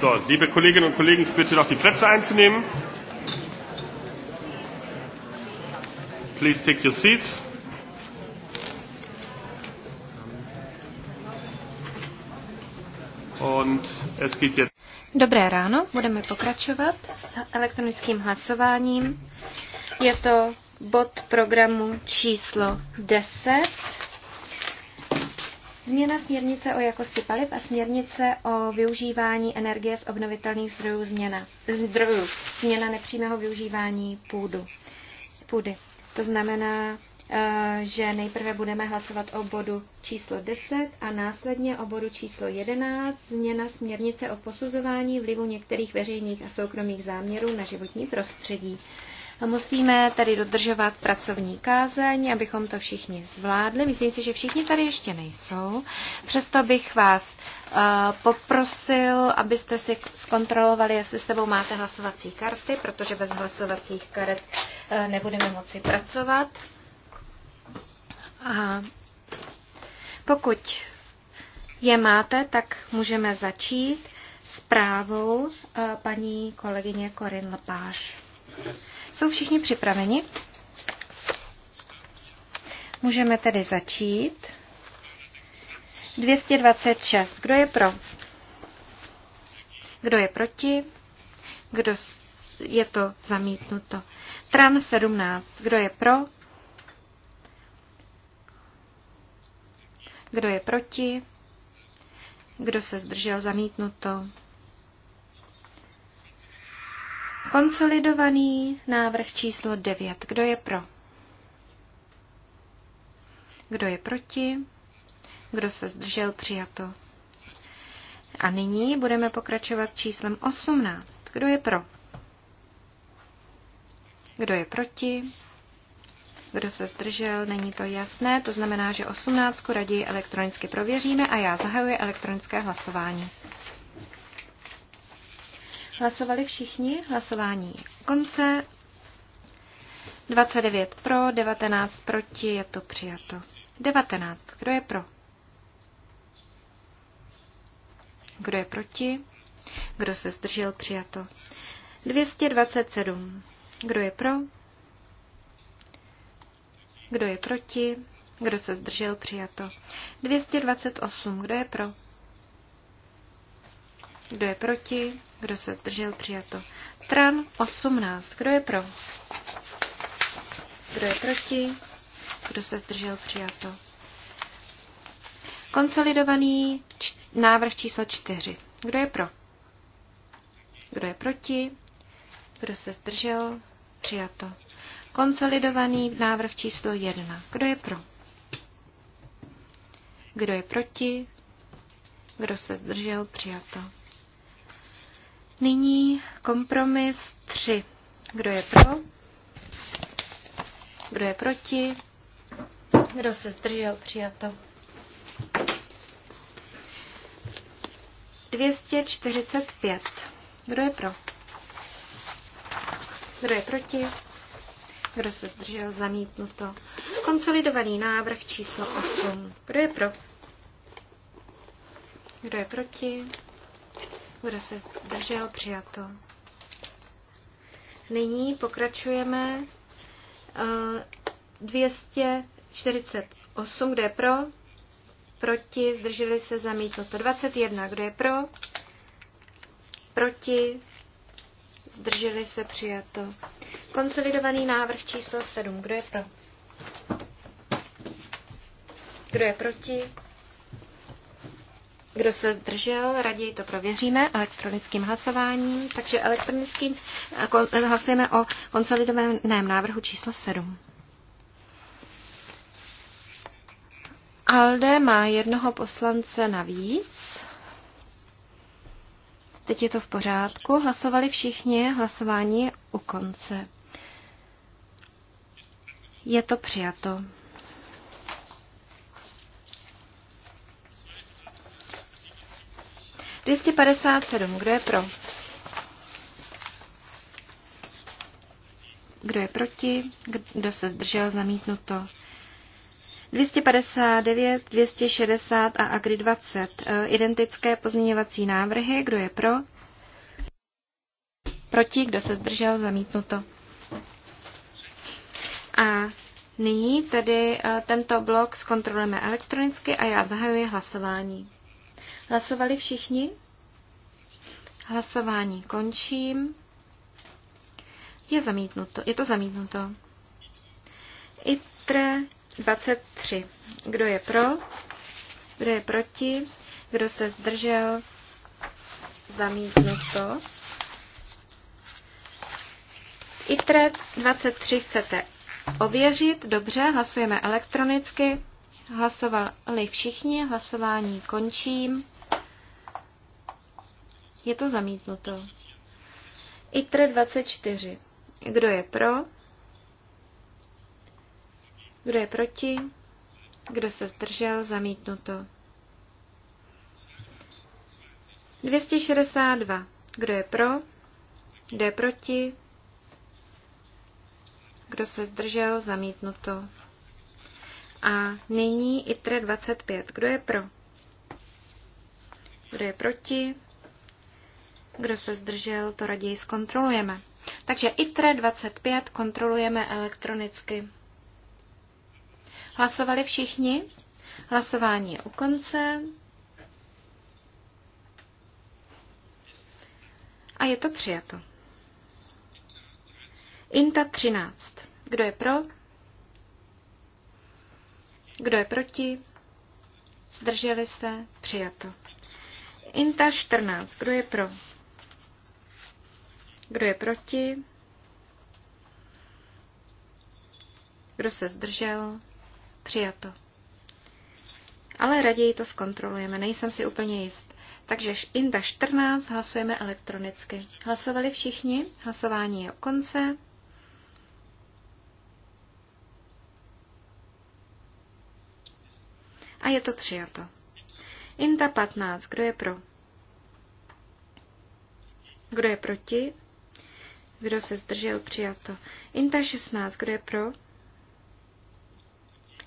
So, liebe Kolleginnen und Kollegen, ich bitte noch die Plätze einzunehmen. Please take your seats. Und es geht jetzt Dobré ráno, budeme pokračovat s elektronickým hlasováním. Je to bod programu číslo 10. Změna směrnice o jakosti paliv a směrnice o využívání energie z obnovitelných zdrojů změna, zdrojů, změna nepřímého využívání půdu, půdy. To znamená, eh, že nejprve budeme hlasovat o bodu číslo 10 a následně o bodu číslo 11, změna směrnice o posuzování vlivu některých veřejných a soukromých záměrů na životní prostředí. Musíme tady dodržovat pracovní kázeň, abychom to všichni zvládli. Myslím si, že všichni tady ještě nejsou. Přesto bych vás eh, poprosil, abyste si zkontrolovali, jestli s sebou máte hlasovací karty, protože bez hlasovacích karet eh, nebudeme moci pracovat. A pokud je máte, tak můžeme začít zprávou eh, paní kolegyně Corin Lepáš. Jsou všichni připraveni? Můžeme tedy začít. 226. Kdo je pro? Kdo je proti? Kdo je to zamítnuto? Tran 17. Kdo je pro? Kdo je proti? Kdo se zdržel zamítnuto? Konsolidovaný návrh číslo 9. Kdo je pro? Kdo je proti? Kdo se zdržel? Přijato. A nyní budeme pokračovat číslem 18. Kdo je pro? Kdo je proti? Kdo se zdržel? Není to jasné. To znamená, že 18 raději elektronicky prověříme a já zahajuji elektronické hlasování. Hlasovali všichni? Hlasování konce. 29 pro, 19 proti, je to přijato. 19. Kdo je pro? Kdo je proti? Kdo se zdržel? Přijato. 227. Kdo je pro? Kdo je proti? Kdo se zdržel? Přijato. 228. Kdo je pro? Kdo je proti? Kdo se zdržel? Přijato. Tran 18. Kdo je pro? Kdo je proti? Kdo se zdržel? Přijato. Konsolidovaný návrh číslo 4. Kdo je pro? Kdo je proti? Kdo se zdržel? Přijato. Konsolidovaný návrh číslo 1. Kdo je pro? Kdo je proti? Kdo se zdržel? Přijato. Nyní kompromis 3. Kdo je pro? Kdo je proti? Kdo se zdržel? Přijato. 245. Kdo je pro? Kdo je proti? Kdo se zdržel? Zamítnuto. Konsolidovaný návrh číslo 8. Kdo je pro? Kdo je proti? Kdo se zdržel? Přijato. Nyní pokračujeme 248. Eh, Kdo je pro? Proti? Zdrželi se? Zamítnuto. 21. Kdo je pro? Proti? Zdrželi se? Přijato. Konsolidovaný návrh číslo 7. Kdo je pro? Kdo je proti? Kdo se zdržel, raději to prověříme elektronickým hlasováním. Takže elektronickým jako, hlasujeme o konsolidovaném návrhu číslo 7. Alde má jednoho poslance navíc. Teď je to v pořádku. Hlasovali všichni, hlasování u konce. Je to přijato. 257. Kdo je pro? Kdo je proti? Kdo se zdržel? Zamítnuto. 259, 260 a Agri 20. E, identické pozměňovací návrhy. Kdo je pro? Proti? Kdo se zdržel? Zamítnuto. A nyní tedy e, tento blok zkontrolujeme elektronicky a já zahajuji hlasování. Hlasovali všichni? Hlasování končím. Je zamítnuto. Je to zamítnuto. ITRE 23. Kdo je pro? Kdo je proti? Kdo se zdržel? Zamítnuto. ITRE 23 chcete ověřit. Dobře, hlasujeme elektronicky. Hlasovali všichni, hlasování končím. Je to zamítnuto. ITRE 24. Kdo je pro? Kdo je proti? Kdo se zdržel? Zamítnuto. 262. Kdo je pro? Kdo je proti? Kdo se zdržel? Zamítnuto. A nyní ITRE 25. Kdo je pro? Kdo je proti? Kdo se zdržel, to raději zkontrolujeme. Takže ITRE 25 kontrolujeme elektronicky. Hlasovali všichni? Hlasování je u konce. A je to přijato. INTA 13. Kdo je pro? Kdo je proti? Zdrželi se? Přijato. INTA 14. Kdo je pro? Kdo je proti? Kdo se zdržel? Přijato. Ale raději to zkontrolujeme, nejsem si úplně jist. Takže INTA 14 hlasujeme elektronicky. Hlasovali všichni, hlasování je o konce. A je to přijato. INTA 15, kdo je pro? Kdo je proti? Kdo se zdržel? Přijato. Inta 16. Kdo je pro?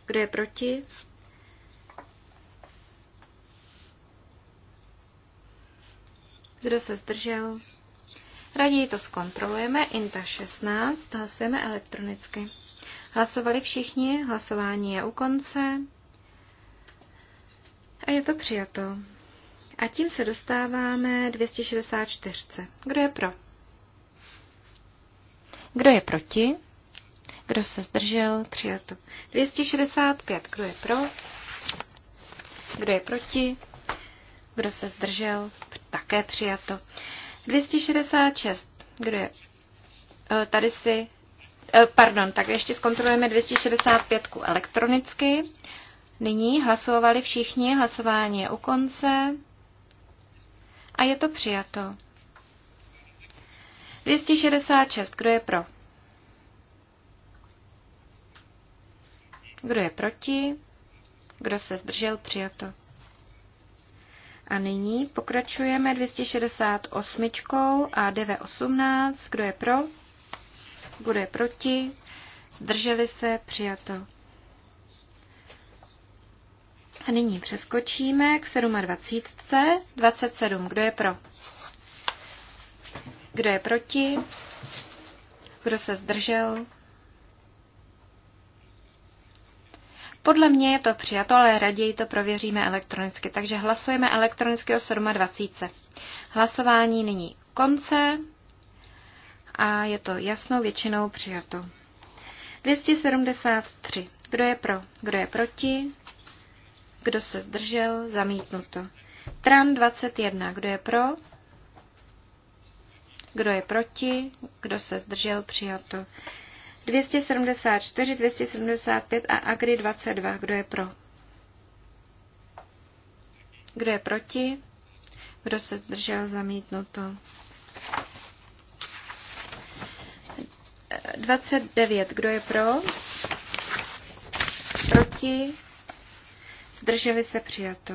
Kdo je proti? Kdo se zdržel? Raději to zkontrolujeme. INTA 16. Hlasujeme elektronicky. Hlasovali všichni. Hlasování je u konce. A je to přijato. A tím se dostáváme 264. Kdo je pro? Kdo je proti? Kdo se zdržel? Přijato. 265. Kdo je pro? Kdo je proti? Kdo se zdržel? Také přijato. 266. Kdo je? Eh, tady si... Eh, pardon, tak ještě zkontrolujeme 265 elektronicky. Nyní hlasovali všichni, hlasování je u konce a je to přijato. 266. Kdo je pro? Kdo je proti? Kdo se zdržel? Přijato. A nyní pokračujeme 268 a 918. Kdo je pro? Kdo je proti? Zdrželi se? Přijato. A nyní přeskočíme k 27. 27. Kdo je pro? Kdo je proti? Kdo se zdržel? Podle mě je to přijato, ale raději to prověříme elektronicky. Takže hlasujeme elektronicky o 27. Hlasování nyní konce a je to jasnou většinou přijato. 273. Kdo je pro? Kdo je proti? Kdo se zdržel? Zamítnuto. Tran 21. Kdo je pro? Kdo je proti? Kdo se zdržel? Přijato. 274, 275 a Agri 22. Kdo je pro? Kdo je proti? Kdo se zdržel? Zamítnuto. 29. Kdo je pro? Proti? Zdrželi se přijato.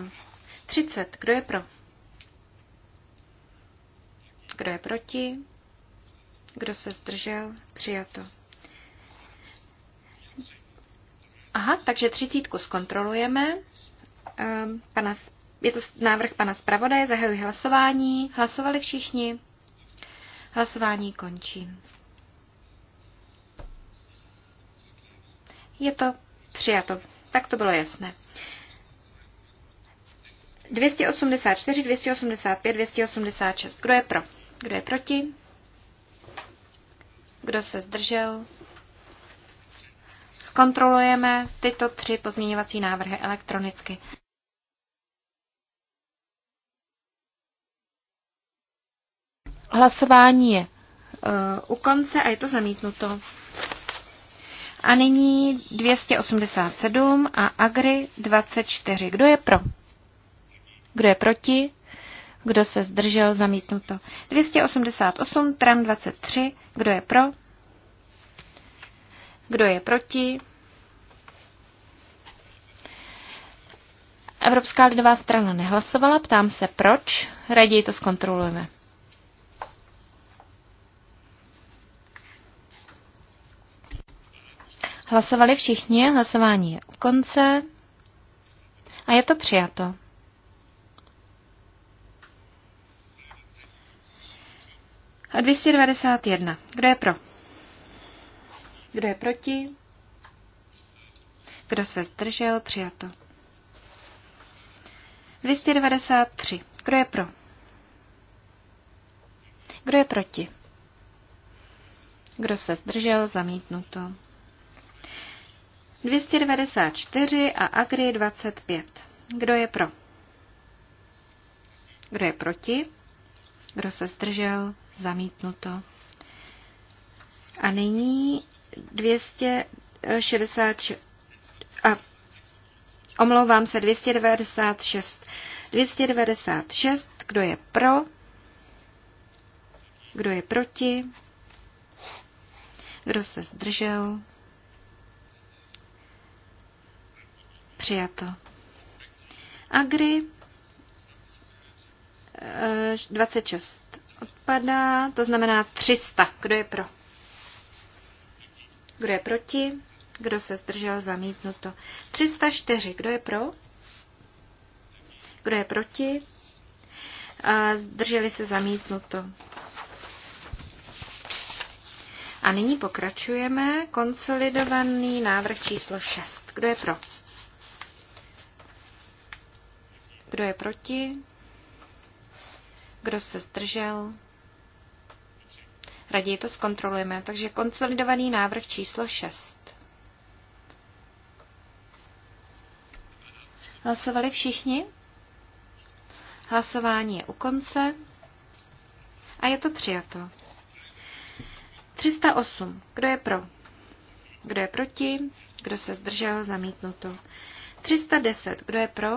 30. Kdo je pro? Kdo je proti? Kdo se zdržel? Přijato. Aha, takže třicítku zkontrolujeme. Ehm, pana, je to návrh pana zpravodaje, zahajuji hlasování. Hlasovali všichni? Hlasování končím. Je to přijato. Tak to bylo jasné. 284, 285, 286. Kdo je pro? Kdo je proti? Kdo se zdržel? Zkontrolujeme tyto tři pozměňovací návrhy elektronicky. Hlasování je eh, u konce a je to zamítnuto. A nyní 287 a Agri 24. Kdo je pro? Kdo je proti? Kdo se zdržel? Zamítnuto. 288, tram 23. Kdo je pro? Kdo je proti? Evropská lidová strana nehlasovala, ptám se proč, raději to zkontrolujeme. Hlasovali všichni, hlasování je u konce a je to přijato. 291. Kdo je pro? Kdo je proti? Kdo se zdržel? Přijato. 293. Kdo je pro? Kdo je proti? Kdo se zdržel? Zamítnuto. 294 a Agri 25. Kdo je pro? Kdo je proti? Kdo se zdržel? Zamítnuto. A nyní 266. A omlouvám se, 296. 296, kdo je pro? Kdo je proti? Kdo se zdržel? Přijato. Agri 26 eh, odpadá, to znamená 300. Kdo je pro? Kdo je proti? Kdo se zdržel? Zamítnuto. 304. Kdo je pro? Kdo je proti? Zdrželi se zamítnuto. A nyní pokračujeme. Konsolidovaný návrh číslo 6. Kdo je pro? Kdo je proti? Kdo se zdržel? Raději to zkontrolujeme. Takže konsolidovaný návrh číslo 6. Hlasovali všichni? Hlasování je u konce a je to přijato. 308. Kdo je pro? Kdo je proti? Kdo se zdržel? Zamítnuto. 310. Kdo je pro?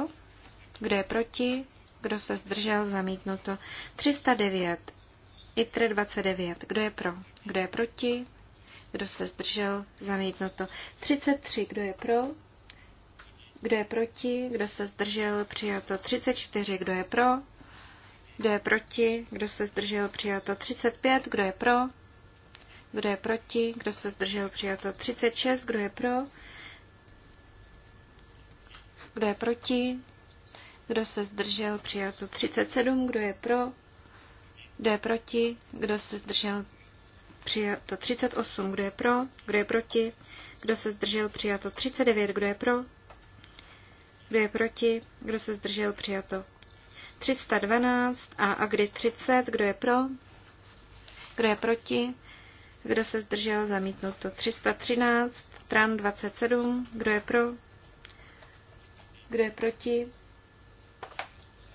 Kdo je proti? Kdo se zdržel? Zamítnuto. 309. ITRE 29. Kdo je pro? Kdo je proti? Kdo se zdržel? Zamítnuto. 33. Kdo je pro? Kdo je proti? Kdo se zdržel? Přijato. 34. Kdo je pro? Kdo je proti? Kdo se zdržel? Přijato. 35. Kdo je pro? Kdo je proti? Kdo se zdržel? Přijato. 36. Kdo je pro? Kdo je proti? Kdo se zdržel? Přijato. 37. Kdo je pro? Kdo je proti? Kdo se zdržel? Přijato 38. Kdo je pro? Kdo je proti? Kdo se zdržel? Přijato 39. Kdo je pro? Kdo je proti? Kdo se zdržel? Přijato 312 a Agri 30. Kdo je pro? Kdo je proti? Kdo se zdržel? Zamítnuto 313. Tran 27. Kdo je pro? Kdo je proti?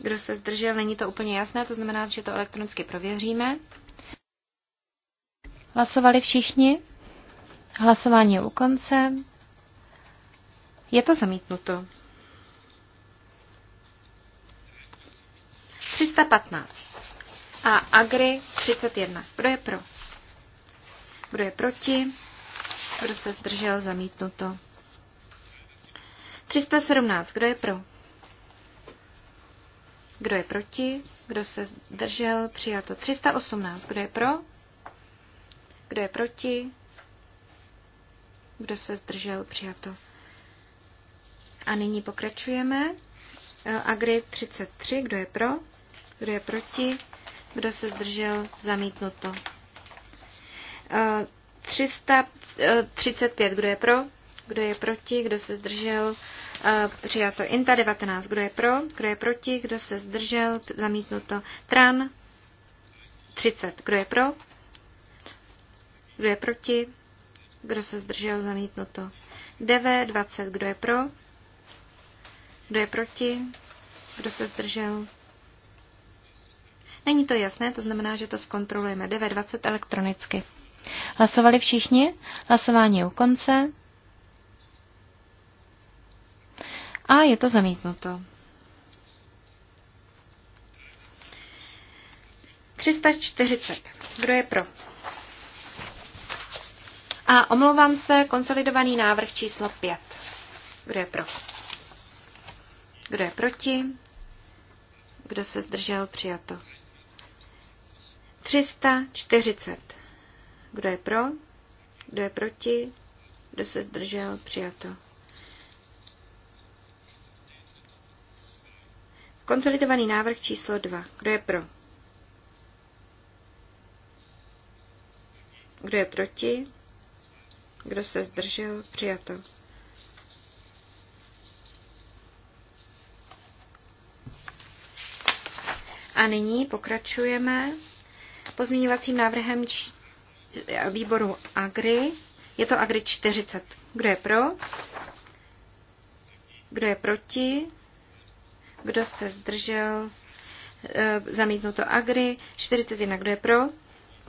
Kdo se zdržel, není to úplně jasné, to znamená, že to elektronicky prověříme. Hlasovali všichni? Hlasování je u konce. Je to zamítnuto. 315 a Agri 31. Kdo je pro? Kdo je proti? Kdo se zdržel? Zamítnuto. 317. Kdo je pro? Kdo je proti? Kdo se zdržel? Přijato 318. Kdo je pro? Kdo je proti? Kdo se zdržel? Přijato. A nyní pokračujeme. E, Agri 33. Kdo je pro? Kdo je proti? Kdo se zdržel? Zamítnuto. 335. E, Kdo je pro? Kdo je proti? Kdo se zdržel? Přijato INTA 19. Kdo je pro? Kdo je proti? Kdo se zdržel? Zamítnuto TRAN 30. Kdo je pro? Kdo je proti? Kdo se zdržel? Zamítnuto. DV 20. Kdo je pro? Kdo je proti? Kdo se zdržel? Není to jasné, to znamená, že to zkontrolujeme. 9.20 elektronicky. Hlasovali všichni? Hlasování je u konce. A je to zamítnuto. 340. Kdo je pro? A omlouvám se, konsolidovaný návrh číslo 5. Kdo je pro? Kdo je proti? Kdo se zdržel? Přijato. 340. Kdo je pro? Kdo je proti? Kdo se zdržel? Přijato. Konsolidovaný návrh číslo 2. Kdo je pro? Kdo je proti? Kdo se zdržel? Přijato. A nyní pokračujeme pozměňovacím návrhem č... výboru Agri. Je to Agri 40. Kdo je pro? Kdo je proti? kdo se zdržel, e, zamítnuto Agri, 41, kdo je pro,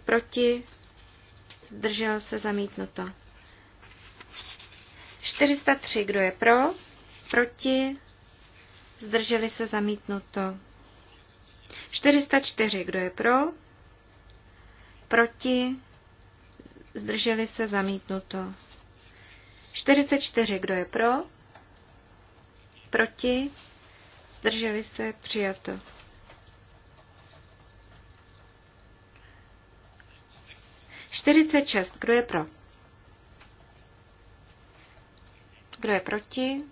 proti, zdržel se, zamítnuto. 403, kdo je pro, proti, zdrželi se, zamítnuto. 404, kdo je pro, proti, zdrželi se, zamítnuto. 44, kdo je pro, proti, zdrželi se, přijato. Čtyřicet šest, kdo je pro? Kdo je proti?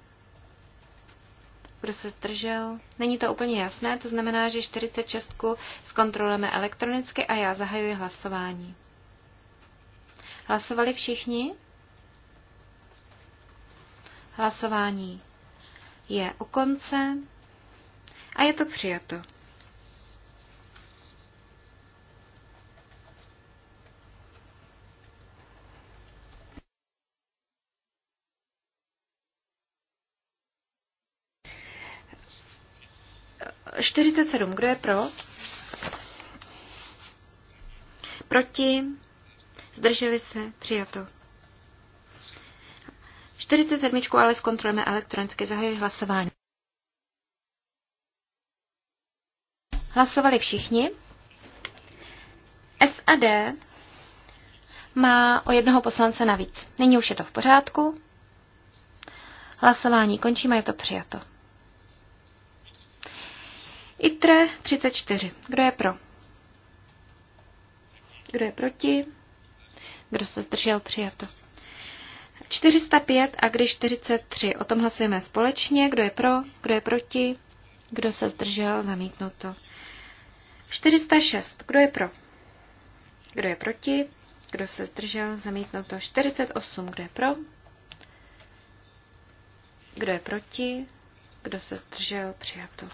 Kdo se zdržel? Není to úplně jasné, to znamená, že 46 zkontrolujeme elektronicky a já zahajuji hlasování. Hlasovali všichni? Hlasování je u konce. A je to přijato. Čtyřicet sedm. Kdo je pro? Proti? Zdrželi se? Přijato. 47. ale zkontrolujeme elektronicky. Zahajuji hlasování. Hlasovali všichni. SAD má o jednoho poslance navíc. Nyní už je to v pořádku. Hlasování končí je to přijato. ITRE 34. Kdo je pro? Kdo je proti? Kdo se zdržel? Přijato. 405 a když 43. O tom hlasujeme společně. Kdo je pro? Kdo je proti? Kdo se zdržel? Zamítnuto. 406. Kdo je pro? Kdo je proti? Kdo se zdržel? Zamítnuto. 48. Kdo je pro? Kdo je proti? Kdo se zdržel? Přijato.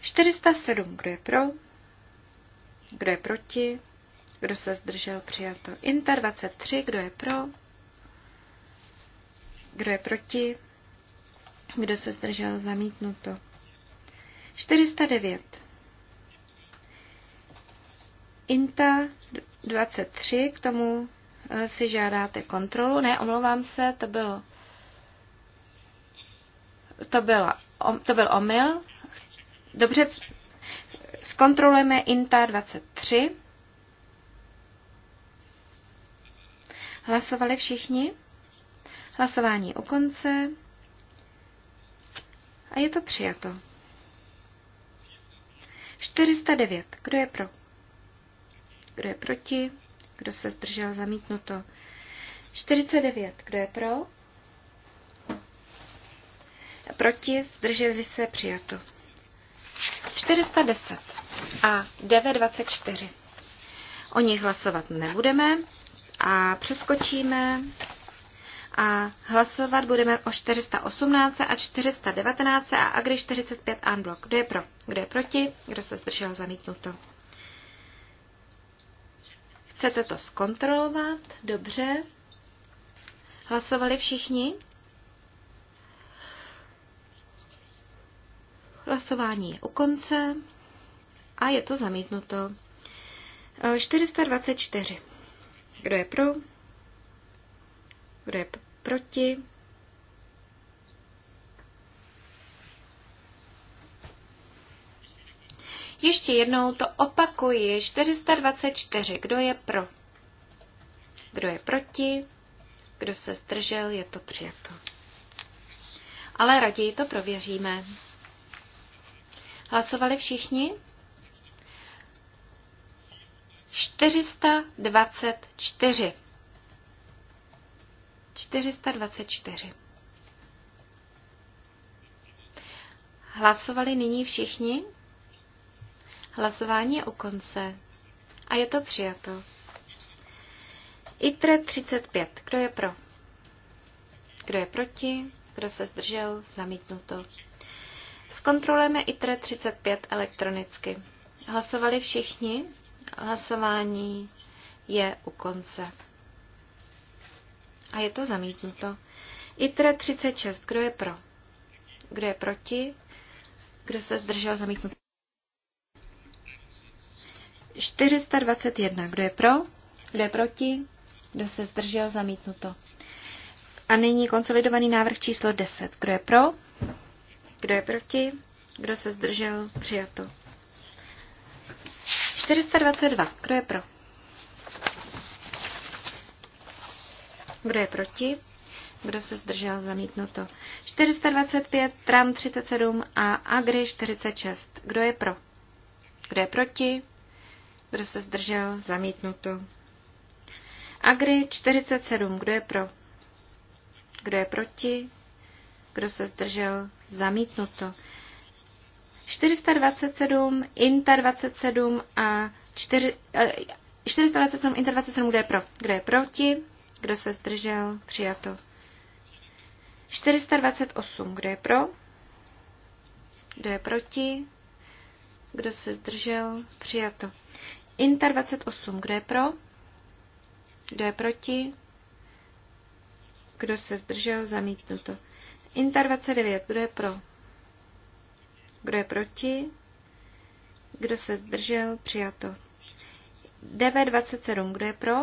407. Kdo je pro? Kdo je proti? Kdo se zdržel? Přijato. Inter 23. Kdo je pro? Kdo je proti? Kdo se zdržel? Zamítnuto. 409. INTA 23, k tomu eh, si žádáte kontrolu. Ne, omlouvám se, to bylo to, bylo, to byl omyl. Dobře, zkontrolujeme INTA 23. Hlasovali všichni? Hlasování u konce. A je to přijato. 409. Kdo je pro? Kdo je proti? Kdo se zdržel? Zamítnuto. 49. Kdo je pro? Proti? Zdrželi se? Přijato. 410 a 924. O nich hlasovat nebudeme a přeskočíme a hlasovat budeme o 418 a 419 a Agri 45 unblock. Kdo je pro? Kdo je proti? Kdo se zdržel zamítnuto? Chcete to zkontrolovat? Dobře. Hlasovali všichni? Hlasování je u konce a je to zamítnuto. 424. E, Kdo je pro? Kdo je proti? Ještě jednou to opakuji. 424. Kdo je pro? Kdo je proti? Kdo se zdržel? Je to přijato. Ale raději to prověříme. Hlasovali všichni? 424. 424. Hlasovali nyní všichni? Hlasování je u konce. A je to přijato. ITRE 35. Kdo je pro? Kdo je proti? Kdo se zdržel? Zamítnuto. Zkontrolujeme ITRE 35 elektronicky. Hlasovali všichni? Hlasování je u konce. A je to zamítnuto. ITRE 36. Kdo je pro? Kdo je proti? Kdo se zdržel? Zamítnuto. 421. Kdo je pro? Kdo je proti? Kdo se zdržel? Zamítnuto. A nyní konsolidovaný návrh číslo 10. Kdo je pro? Kdo je proti? Kdo se zdržel? Přijato. 422. Kdo je pro? Kdo je proti? Kdo se zdržel? Zamítnuto. 425, TRAM 37 a AGRI 46. Kdo je pro? Kdo je proti? Kdo se zdržel? Zamítnuto. Agri 47. Kdo je pro? Kdo je proti? Kdo se zdržel? Zamítnuto. 427, Inta 27 a 4, eh, 427, Inta 27, kdo je pro? Kdo je proti? Kdo se zdržel? Přijato. 428, kdo je pro? Kdo je proti? Kdo se zdržel? Přijato. Inter 28, kdo je pro? Kdo je proti? Kdo se zdržel? to. Inter 29, kdo je pro? Kdo je proti? Kdo se zdržel? Přijato. DV 27, kdo je pro?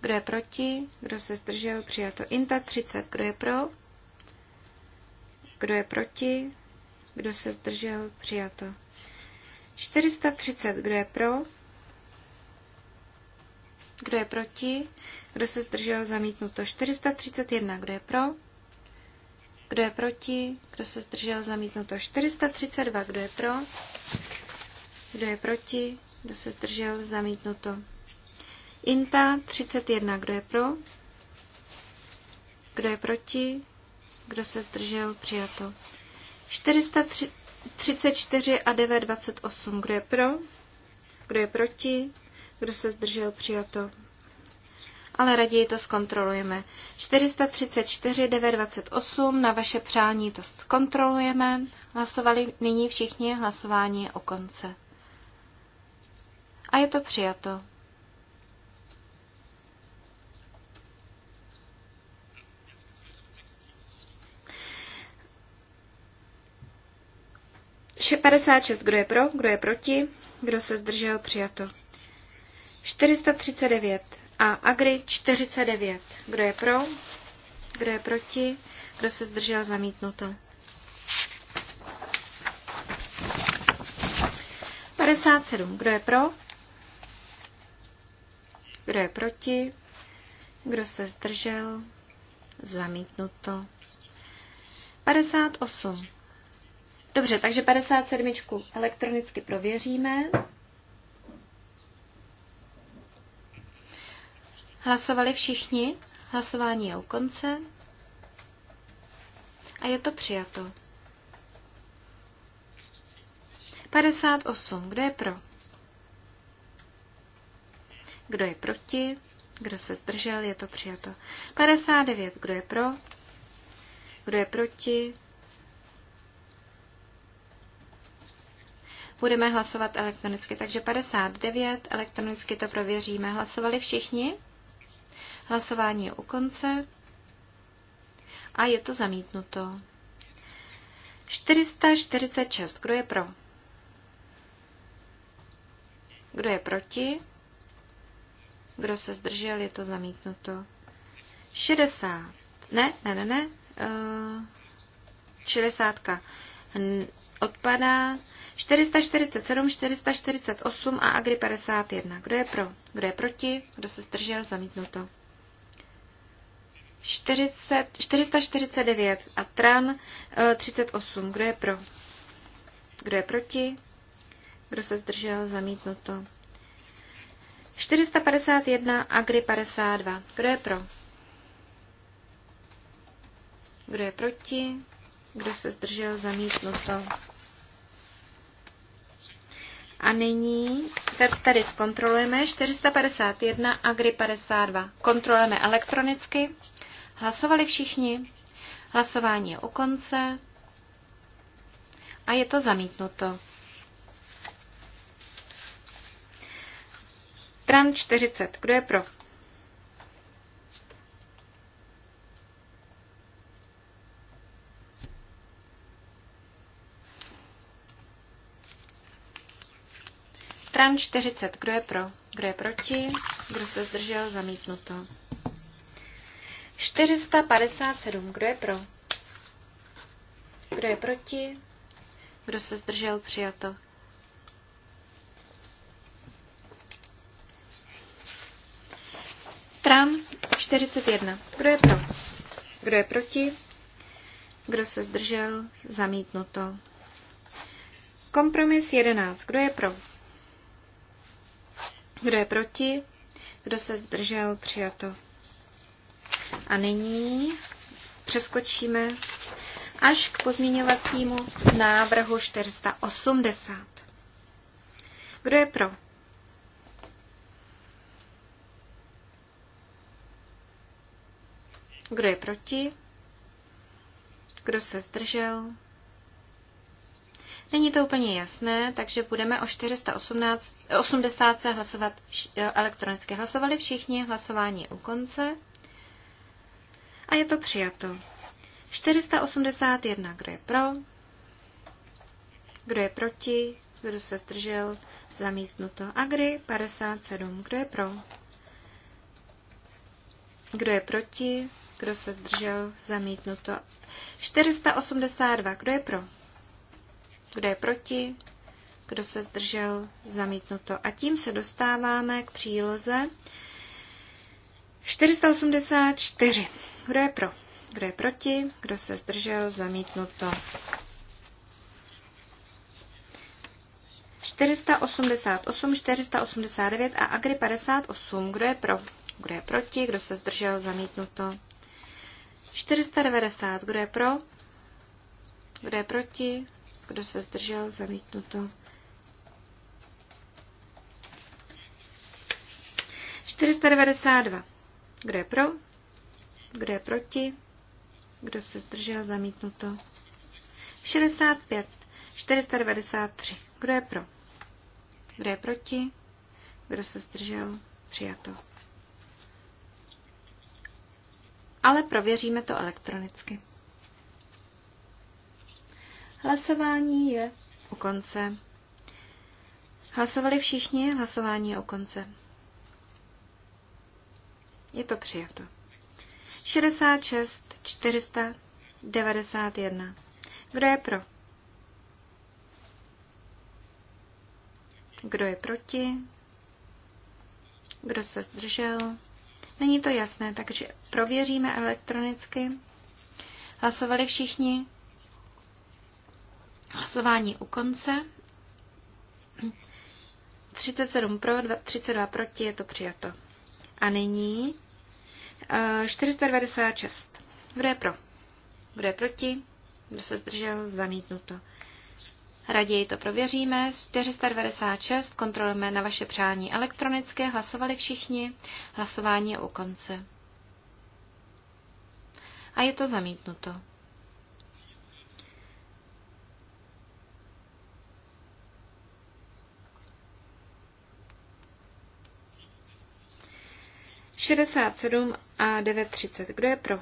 Kdo je proti? Kdo se zdržel? Přijato. Inta 30, kdo je pro? Kdo je proti? Kdo se zdržel? Přijato. 430, kdo je pro? Kdo je proti? Kdo se zdržel zamítnuto? 431, kdo je pro? Kdo je proti? Kdo se zdržel zamítnuto? 432, kdo je pro? Kdo je proti? Kdo se zdržel zamítnuto? Inta 31, kdo je pro? Kdo je proti? Kdo se zdržel přijato? 403, 34 a 9, 28. Kdo je pro? Kdo je proti? Kdo se zdržel? Přijato. Ale raději to zkontrolujeme. 434, 9, 28. Na vaše přání to zkontrolujeme. Hlasovali nyní všichni. Hlasování je o konce. A je to přijato. 56, kdo je pro, kdo je proti, kdo se zdržel, přijato. 439 a Agri 49, kdo je pro, kdo je proti, kdo se zdržel, zamítnuto. 57, kdo je pro, kdo je proti, kdo se zdržel, zamítnuto. 58. Dobře, takže 57 elektronicky prověříme. Hlasovali všichni, hlasování je u konce a je to přijato. 58. Kdo je pro? Kdo je proti? Kdo se zdržel? Je to přijato. 59. Kdo je pro? Kdo je proti? budeme hlasovat elektronicky. Takže 59, elektronicky to prověříme. Hlasovali všichni? Hlasování je u konce a je to zamítnuto. 446. Kdo je pro? Kdo je proti? Kdo se zdržel, je to zamítnuto. 60. Ne, ne, ne, ne. Uh, eh, 60. Odpadá. 447, 448 a Agri 51. Kdo je pro? Kdo je proti? Kdo se zdržel? Zamítnuto. 40, 449 a Tran 38. Eh, Kdo je pro? Kdo je proti? Kdo se zdržel? Zamítnuto. 451 Agri 52. Kdo je pro? Kdo je proti? Kdo se zdržel? Zamítnuto. A nyní tady zkontrolujeme 451 a GRI 52. Kontrolujeme elektronicky. Hlasovali všichni. Hlasování je u konce. A je to zamítnuto. Tran 40. Kdo je pro? Tran 40. Kdo je pro? Kdo je proti? Kdo se zdržel? Zamítnuto. 457. Kdo je pro? Kdo je proti? Kdo se zdržel? Přijato. Tram 41. Kdo je pro? Kdo je proti? Kdo se zdržel? Zamítnuto. Kompromis 11. Kdo je pro? Kdo je proti? Kdo se zdržel? Přijato. A nyní přeskočíme až k pozměňovacímu návrhu 480. Kdo je pro? Kdo je proti? Kdo se zdržel? Není to úplně jasné, takže budeme o 480 se hlasovat e, elektronicky. Hlasovali všichni, hlasování je u konce. A je to přijato. 481, kdo je pro, kdo je proti, kdo se zdržel, zamítnuto. Agri 57, kdo je pro, kdo je proti, kdo se zdržel, zamítnuto. 482, kdo je pro? kdo je proti, kdo se zdržel, zamítnuto. A tím se dostáváme k příloze 484. Kdo je pro? Kdo je proti? Kdo se zdržel? Zamítnuto. 488, 489 a Agri 58. Kdo je pro? Kdo je proti? Kdo se zdržel? Zamítnuto. 490. Kdo je pro? Kdo je proti? Kdo se zdržel? Zamítnuto. 492. Kdo je pro? Kdo je proti? Kdo se zdržel? Zamítnuto. 65. 493. Kdo je pro? Kdo je proti? Kdo se zdržel? Přijato. Ale prověříme to elektronicky. Hlasování je u konce. Hlasovali všichni, hlasování je u konce. Je to přijato. 66 491. Kdo je pro? Kdo je proti? Kdo se zdržel? Není to jasné, takže prověříme elektronicky. Hlasovali všichni? Hlasování u konce. 37 pro, 32 proti, je to přijato. A nyní 496. Eh, Kdo je pro? Kdo je proti? Kdo se zdržel? Zamítnuto. Raději to prověříme. 496 kontrolujeme na vaše přání elektronické. Hlasovali všichni. Hlasování je u konce. A je to zamítnuto. 67 a 930. Kdo je pro?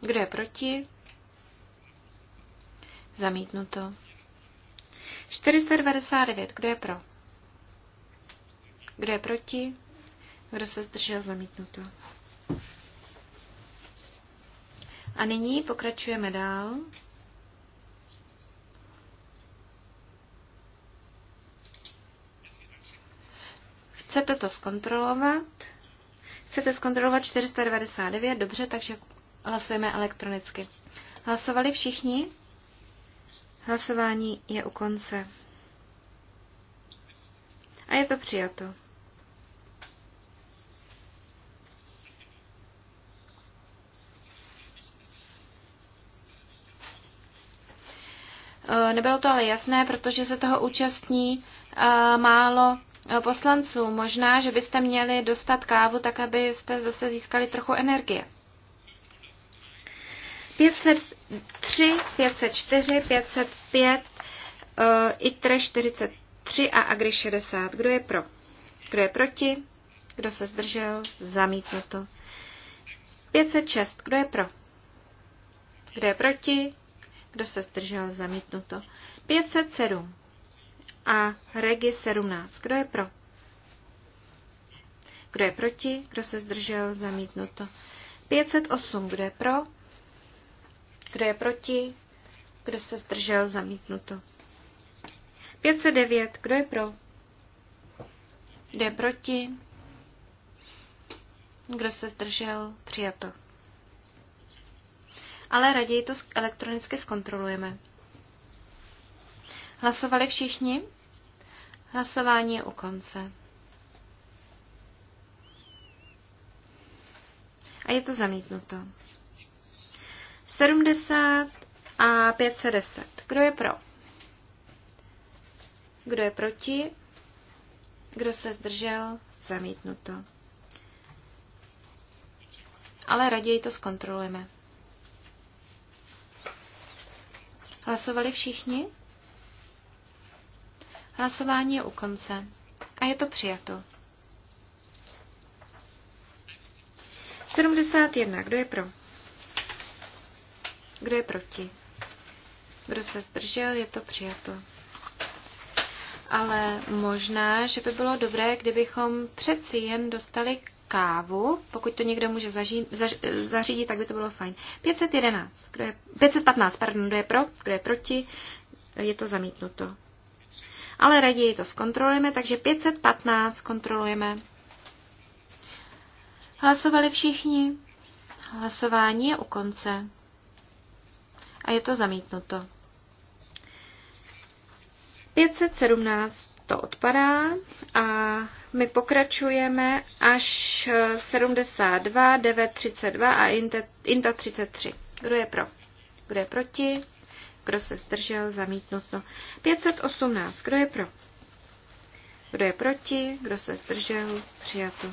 Kdo je proti? Zamítnuto. 499. Kdo je pro? Kdo je proti? Kdo se zdržel? Zamítnuto. A nyní pokračujeme dál. Chcete to zkontrolovat? Chcete zkontrolovat 499? Dobře, takže hlasujeme elektronicky. Hlasovali všichni? Hlasování je u konce. A je to přijato. Eh, nebylo to ale jasné, protože se toho účastní eh, málo eh, poslanců. Možná, že byste měli dostat kávu, tak abyste zase získali trochu energie. 503, 504, 505, ITRE 43 a AGRI 60. Kdo je pro? Kdo je proti? Kdo se zdržel? Zamítnuto. 506. Kdo je pro? Kdo je proti? Kdo se zdržel? Zamítnuto. 507 a Regi 17. Kdo je pro? Kdo je proti? Kdo se zdržel? Zamítnuto. 508. Kdo je pro? Kdo je proti? Kdo se zdržel? Zamítnuto. 509. Kdo je pro? Kdo je proti? Kdo se zdržel? Přijato ale raději to elektronicky zkontrolujeme. Hlasovali všichni? Hlasování je u konce. A je to zamítnuto. 70 a 510. Kdo je pro? Kdo je proti? Kdo se zdržel? Zamítnuto. Ale raději to zkontrolujeme. Hlasovali všichni? Hlasování je u konce. A je to přijato. 71. Kdo je pro? Kdo je proti? Kdo se zdržel, je to přijato. Ale možná, že by bylo dobré, kdybychom přeci jen dostali kávu. Pokud to někdo může zaži- zaž, zařídit, tak by to bylo fajn. 511, kdo je, 515, pardon, kdo je pro, kdo je proti, je to zamítnuto. Ale raději to zkontrolujeme, takže 515 kontrolujeme. Hlasovali všichni. Hlasování je u konce. A je to zamítnuto. 517 to odpadá a my pokračujeme až 72, eh, 932 a INTA 33. Kdo je pro? Kdo je proti? Kdo se zdržel? Zamítnuto. 518. Kdo je pro? Kdo je proti? Kdo se zdržel? Přijato.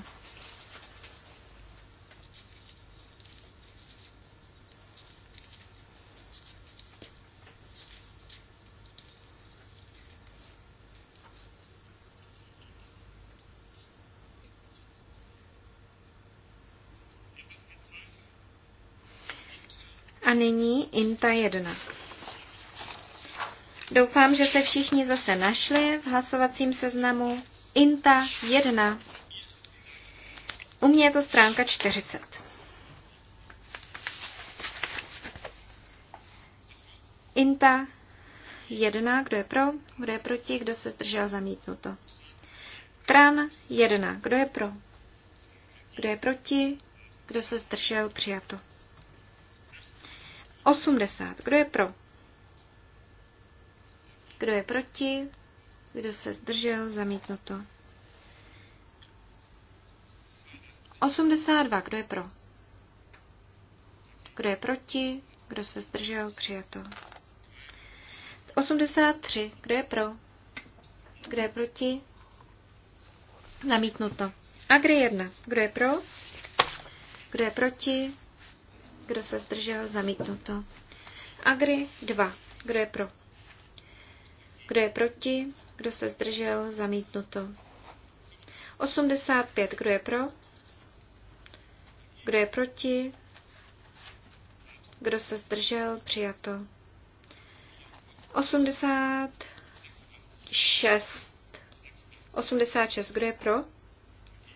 INTA 1. Doufám, že se všichni zase našli v hlasovacím seznamu INTA 1. U mě je to stránka 40. INTA 1, kdo je pro, kdo je proti, kdo se zdržel zamítnuto. TRAN 1, kdo je pro, kdo je proti, kdo se zdržel přijato. 80. Kdo je pro? Kdo je proti? Kdo se zdržel? Zamítnuto. 82. Kdo je pro? Kdo je proti? Kdo se zdržel? Přijato. 83. Kdo je pro? Kdo je proti? Zamítnuto. Agri 1. Kdo je pro? Kdo je proti? Kdo se zdržel? Zamítnuto. Agri 2. Kdo je pro? Kdo je proti? Kdo se zdržel? Zamítnuto. 85. Kdo je pro? Kdo je proti? Kdo se zdržel? Přijato. 86. 86. Kdo je pro?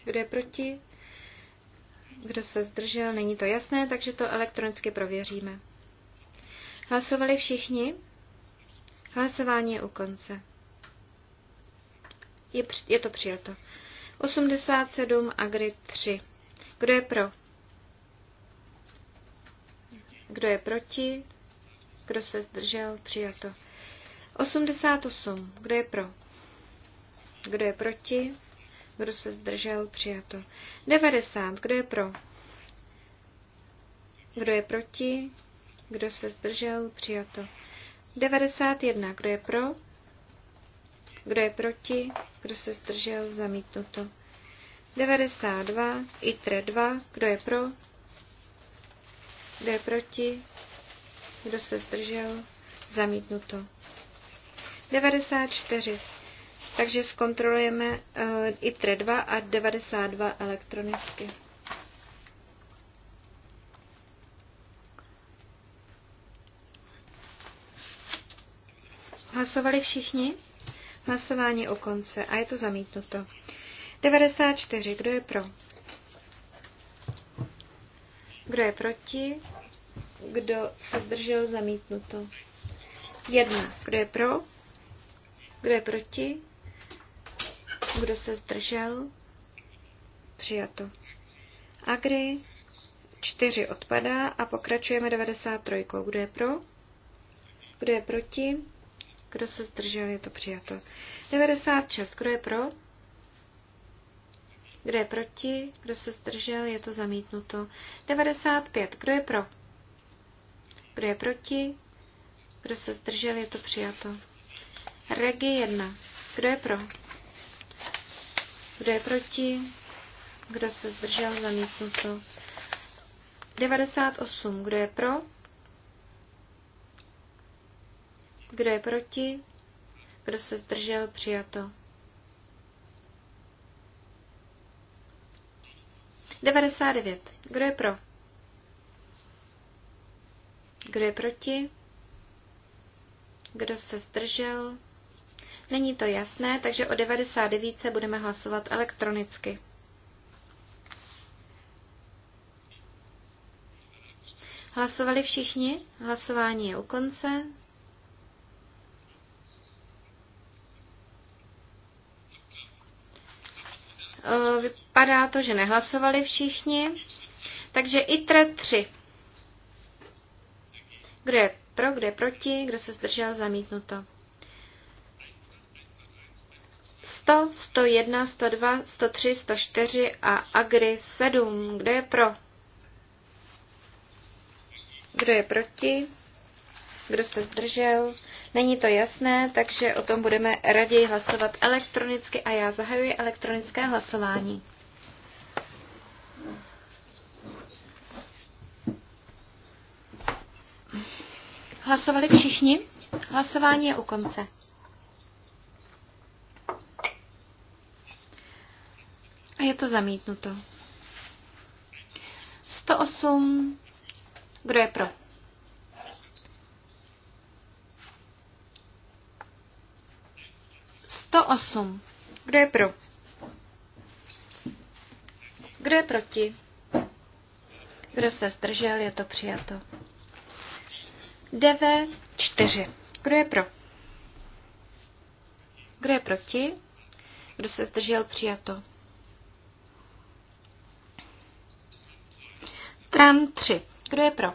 Kdo je proti? Kdo se zdržel, není to jasné, takže to elektronicky prověříme. Hlasovali všichni? Hlasování je u konce. Je, je to přijato. 87 Agri 3. Kdo je pro? Kdo je proti? Kdo se zdržel? Přijato. 88. Kdo je pro? Kdo je proti? Kdo se zdržel? Přijato. 90. Kdo je pro? Kdo je proti? Kdo se zdržel? Přijato. 91. Kdo je pro? Kdo je proti? Kdo se zdržel? Zamítnuto. 92. ITRE 2. Kdo je pro? Kdo je proti? Kdo se zdržel? Zamítnuto. 94. Takže zkontrolujeme eh, i tre 2 a 92 elektronicky. Hlasovali všichni? Hlasování o konce a je to zamítnuto. 94. Kdo je pro? Kdo je proti? Kdo se zdržel? Zamítnuto. 1. Kdo je pro? Kdo je proti? Kdo se zdržel? Přijato. Agri 4 odpadá a pokračujeme 93. Kdo je pro? Kdo je proti? Kdo se zdržel? Je to přijato. 96. Kdo je pro? Kdo je proti? Kdo se zdržel? Je to zamítnuto. 95. Kdo je pro? Kdo je proti? Kdo se zdržel? Je to přijato. Regi 1. Kdo je pro? Kdo je proti? Kdo se zdržel? to. 98. Kdo je pro? Kdo je proti? Kdo se zdržel? Přijato. 99. Kdo je pro? Kdo je proti? Kdo se zdržel? Není to jasné, takže o 99 se budeme hlasovat elektronicky. Hlasovali všichni? Hlasování je u konce. Eh, vypadá to, že nehlasovali všichni. Takže ITRE 3. Kdo je pro, kdo je proti, kdo se zdržel, zamítnuto. 100, 101, 102, 103, 104 a Agri 7. Kdo je pro? Kdo je proti? Kdo se zdržel? Není to jasné, takže o tom budeme raději hlasovat elektronicky a já zahajuji elektronické hlasování. Hlasovali všichni? Hlasování je u konce. A je to zamítnuto. 108. Kdo je pro? Sto osm. Kdo je pro? Kdo je proti? Kdo se zdržel, je to přijato. 9. 4. Kdo je pro? Kdo je proti? Kdo se zdržel, přijato. tram 3. Kdo je pro?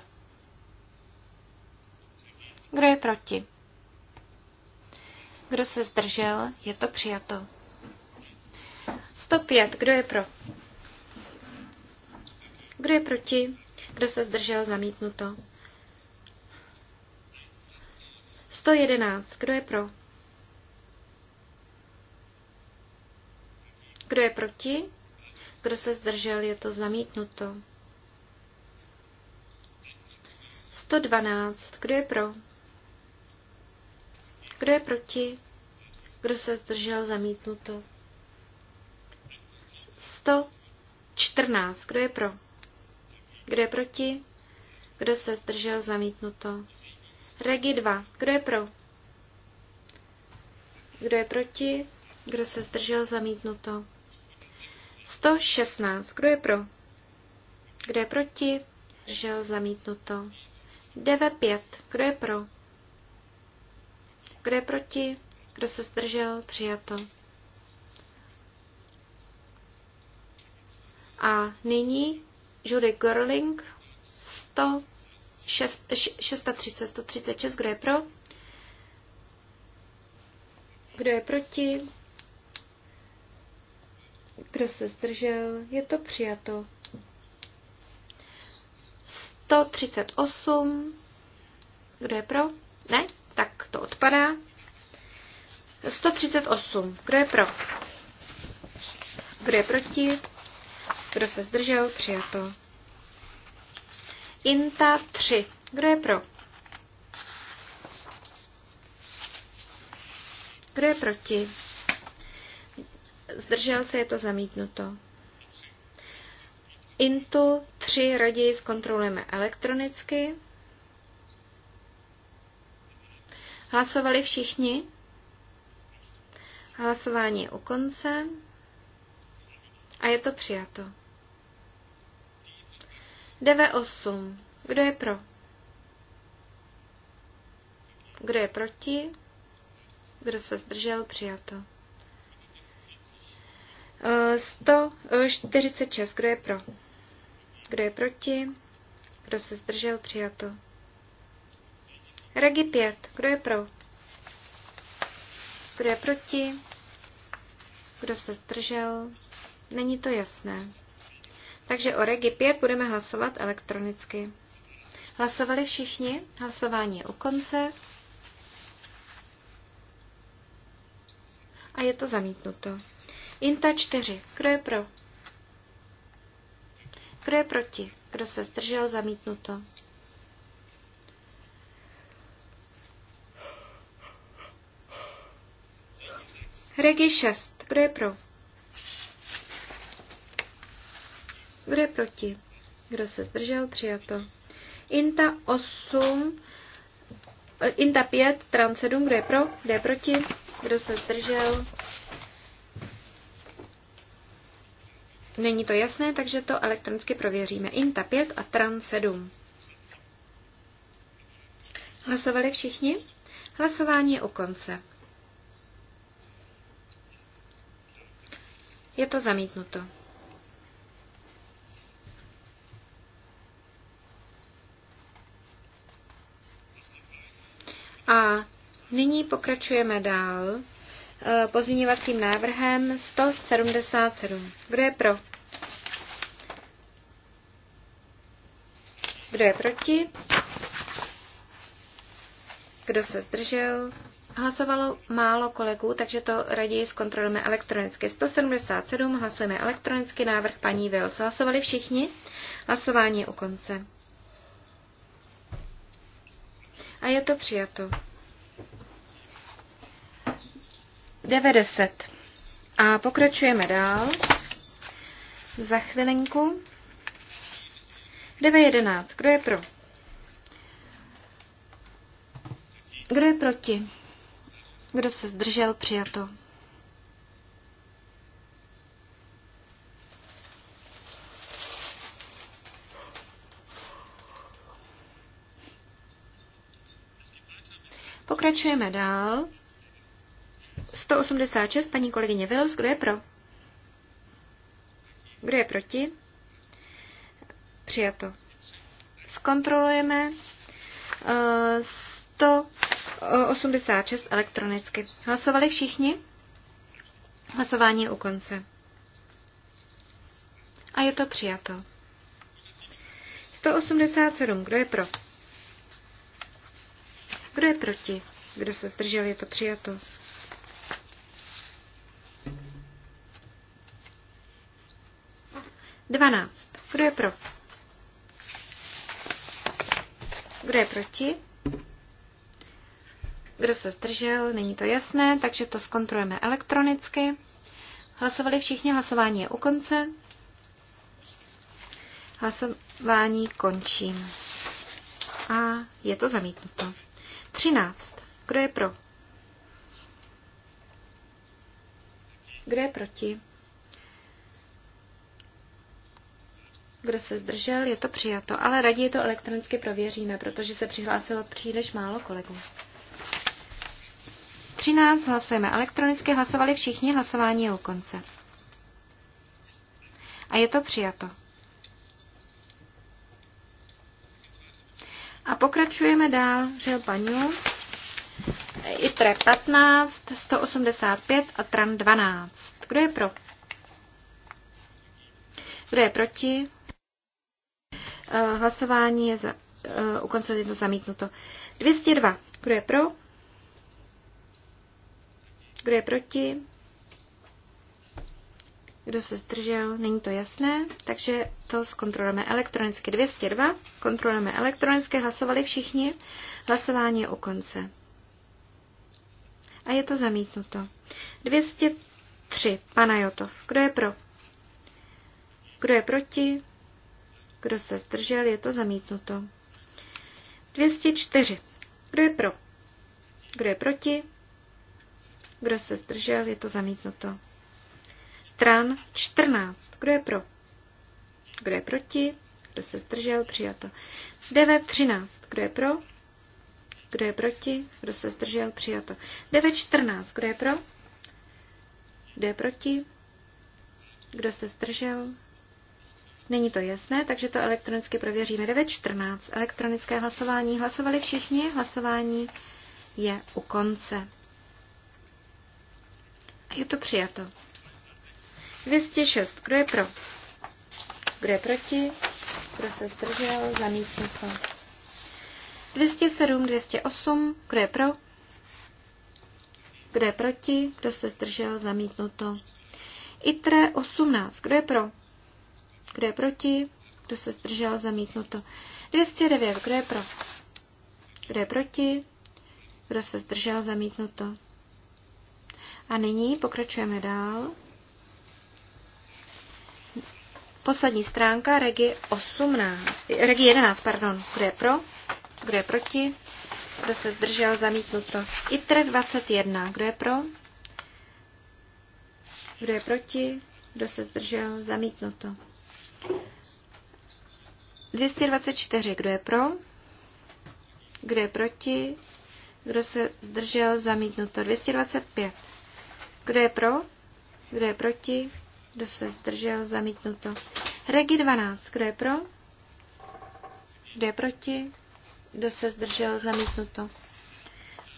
Kdo je proti? Kdo se zdržel? Je to přijato. 105. Kdo je pro? Kdo je proti? Kdo se zdržel? Zamítnuto. 111. Kdo je pro? Kdo je proti? Kdo se zdržel? Je to zamítnuto. 112. Kdo je pro? Kdo je proti? Kdo se zdržel zamítnuto? 114. Kdo je pro? Kdo je proti? Kdo se zdržel zamítnuto? Regi 2. Kdo je pro? Kdo je proti? Kdo se zdržel zamítnuto? 116. Kdo je pro? Kdo je proti? Zdržel zamítnuto. DV5. Kdo je pro? Kdo je proti? Kdo se zdržel? Přijato. A nyní Judy Gorling 100, 6, 630, 136, kdo je pro? Kdo je proti? Kdo se zdržel? Je to přijato. 138. Kdo je pro? Ne? Tak to odpadá. 138. Kdo je pro? Kdo je proti? Kdo se zdržel? Přijato. Inta 3. Kdo je pro? Kdo je proti? Zdržel se, je to zamítnuto. Intu Tři raději zkontrolujeme elektronicky. Hlasovali všichni? Hlasování je u konce a je to přijato. DV8. Kdo je pro? Kdo je proti? Kdo se zdržel? Přijato. 146. Eh, Kdo je pro? Kdo je proti? Kdo se zdržel? Přijato. Regi 5. Kdo je pro? Kdo je proti? Kdo se zdržel? Není to jasné. Takže o Regi 5 budeme hlasovat elektronicky. Hlasovali všichni? Hlasování je u konce. A je to zamítnuto. Inta 4. Kdo je pro? Kdo je proti? Kdo se zdržel? Zamítnuto. Regi 6. Kdo je pro? Kdo je proti? Kdo se zdržel? Přijato. Inta 8. Eh, Inta 5. Tran 7. Kdo je pro? Kdo je proti? Kdo se zdržel? Není to jasné, takže to elektronicky prověříme. INTA 5 a TRAN 7. Hlasovali všichni? Hlasování je u konce. Je to zamítnuto. A nyní pokračujeme dál Eh, pozměňovacím návrhem 177. Kdo je pro? Kdo je proti? Kdo se zdržel? Hlasovalo málo kolegů, takže to raději zkontrolujeme elektronicky. 177 hlasujeme elektronicky, návrh paní Vils. Hlasovali všichni? Hlasování je u konce. A je to přijato. 90. A pokračujeme dál. Za chvilinku. 9.11. Kdo je pro? Kdo je proti? Kdo se zdržel? Přijato. Pokračujeme dál. 186, paní kolegyně Vils, kdo je pro? Kdo je proti? Přijato. Zkontrolujeme 186 eh, elektronicky. Hlasovali všichni? Hlasování je u konce. A je to přijato. 187. Kdo je pro? Kdo je proti? Kdo se zdržel, je to přijato. 12. Kdo je pro? Kdo je proti? Kdo se zdržel? Není to jasné, takže to zkontrolujeme elektronicky. Hlasovali všichni, hlasování je u konce. Hlasování končím. A je to zamítnuto. 13. Kdo je pro? Kdo je proti? kdo se zdržel, je to přijato, ale raději to elektronicky prověříme, protože se přihlásilo příliš málo kolegů. 13 hlasujeme elektronicky, hlasovali všichni, hlasování je u konce. A je to přijato. A pokračujeme dál, že paní, ITRE 15, 185 a TRAN 12. Kdo je pro? Kdo je proti? Eh, hlasování je za, eh, u konce jedno zamítnuto. 202. Kdo je pro? Kdo je proti? Kdo se zdržel? Není to jasné, takže to zkontrolujeme elektronicky. 202. Kontrolujeme elektronicky. Hlasovali všichni. Hlasování je u konce. A je to zamítnuto. 203. Jotov, Kdo je pro? Kdo je proti? Kdo se zdržel, je to zamítnuto. 204. Kdo je pro? Kdo je proti? Kdo se zdržel, je to zamítnuto. Tran 14. Kdo je pro? Kdo je proti? Kdo se zdržel, přijato. 9, 13. Kdo je pro? Kdo je proti? Kdo se zdržel, přijato. 9, 14. Kdo je pro? Kdo je proti? Kdo se zdržel? Není to jasné, takže to elektronicky prověříme. 9.14. Elektronické hlasování. Hlasovali všichni? Hlasování je u konce. A je to přijato. 206. Kdo je pro? Kdo je proti? Kdo se zdržel? Zamítnuto. 207, 208. Kdo je pro? Kdo je proti? Kdo se zdržel? Zamítnuto. ITRE 18. Kdo je pro? Kdo je proti? Kdo se zdržel? Zamítnuto. 209. Kdo je pro? Kdo je proti? Kdo se zdržel? Zamítnuto. A nyní pokračujeme dál. Poslední stránka, regi 18, regi 11, pardon. Kdo je pro? Kdo je proti? Kdo se zdržel? Zamítnuto. ITRE 21. Kdo je pro? Kdo je proti? Kdo se zdržel? Zamítnuto. 224. Kdo je pro? Kdo je proti? Kdo se zdržel? Zamítnuto. 225. Kdo je pro? Kdo je proti? Kdo se zdržel? Zamítnuto. Regi 12. Kdo je pro? Kdo je proti? Kdo se zdržel? Zamítnuto.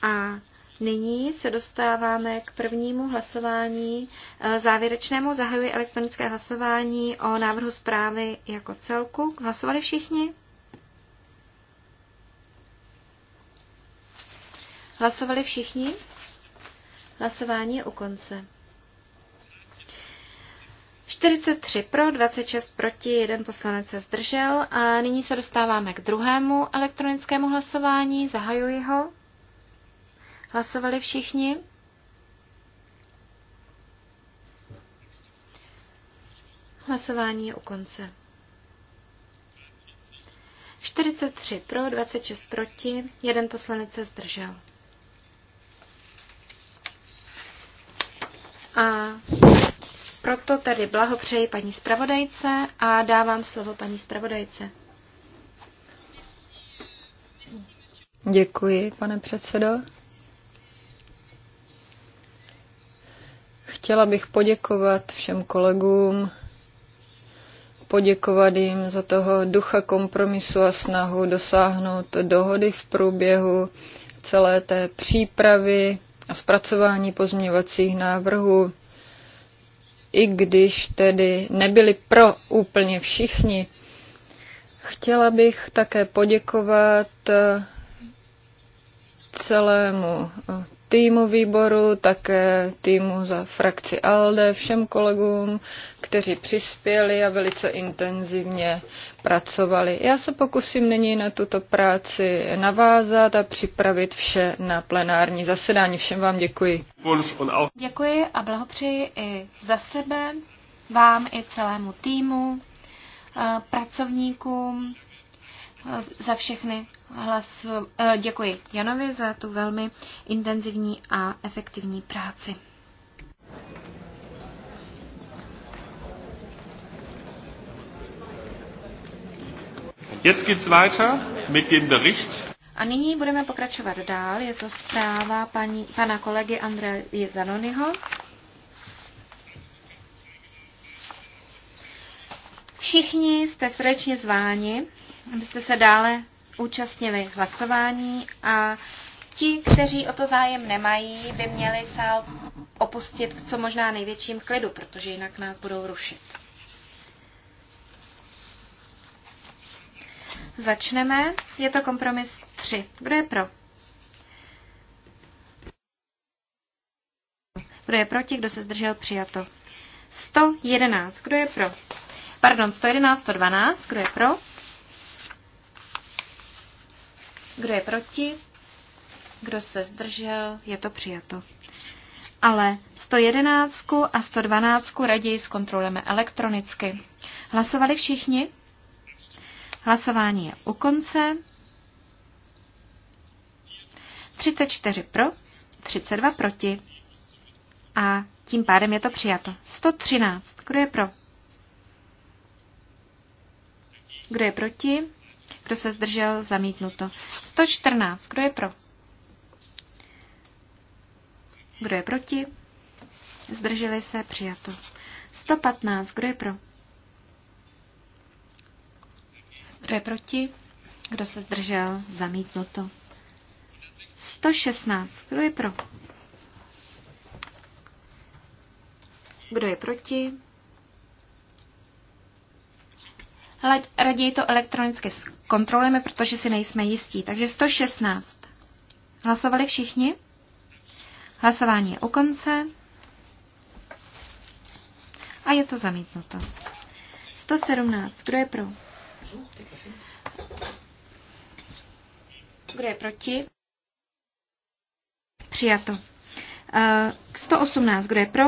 A Nyní se dostáváme k prvnímu hlasování e, závěrečnému. Zahajuji elektronické hlasování o návrhu zprávy jako celku. Hlasovali všichni? Hlasovali všichni? Hlasování je u konce. 43 pro, 26 proti, jeden poslanec se zdržel a nyní se dostáváme k druhému elektronickému hlasování. Zahajuji ho. Hlasovali všichni? Hlasování je u konce. 43 pro, 26 proti, jeden poslanec se zdržel. A proto tedy blahopřeji paní zpravodajce a dávám slovo paní zpravodajce. Děkuji, pane předsedo. Chtěla bych poděkovat všem kolegům, poděkovat jim za toho ducha kompromisu a snahu dosáhnout dohody v průběhu celé té přípravy a zpracování pozměňovacích návrhů. I když tedy nebyli pro úplně všichni, chtěla bych také poděkovat eh, celému eh, týmu výboru, také týmu za frakci ALDE, všem kolegům, kteří přispěli a velice intenzivně pracovali. Já se pokusím nyní na tuto práci navázat a připravit vše na plenární zasedání. Všem vám děkuji. Děkuji a blahopřeji i za sebe, vám i celému týmu, eh, pracovníkům, za všechny hlas. Eh, děkuji Janovi za tu velmi intenzivní a efektivní práci. Jetzt geht's weiter mit dem Bericht. A nyní budeme pokračovat dál. Je to zpráva paní, pana kolegy Andreje Zanonyho. Všichni jste srdečně zváni abyste se dále účastnili hlasování a ti, kteří o to zájem nemají, by měli sál opustit v co možná největším klidu, protože jinak nás budou rušit. Začneme. Je to kompromis 3. Kdo je pro? Kdo je proti? Kdo se zdržel? Přijato. 111. Kdo je pro? Pardon, 111, 112. Kdo je pro? Kdo je proti? Kdo se zdržel? Je to přijato. Ale 111 a 112 raději zkontrolujeme elektronicky. Hlasovali všichni? Hlasování je u konce. 34 pro, 32 proti. A tím pádem je to přijato. 113. Kdo je pro? Kdo je proti? Kdo se zdržel? Zamítnuto. 114. Kdo je pro? Kdo je proti? Zdrželi se? Přijato. 115. Kdo je pro? Kdo je proti? Kdo se zdržel? Zamítnuto. 116. Kdo je pro? Kdo je proti? Ale raději to elektronicky zkontrolujeme, protože si nejsme jistí. Takže 116. Hlasovali všichni? Hlasování je u konce. A je to zamítnuto. 117. Kdo je pro? Kdo je proti? Přijato. 118. Eh, Kdo je pro?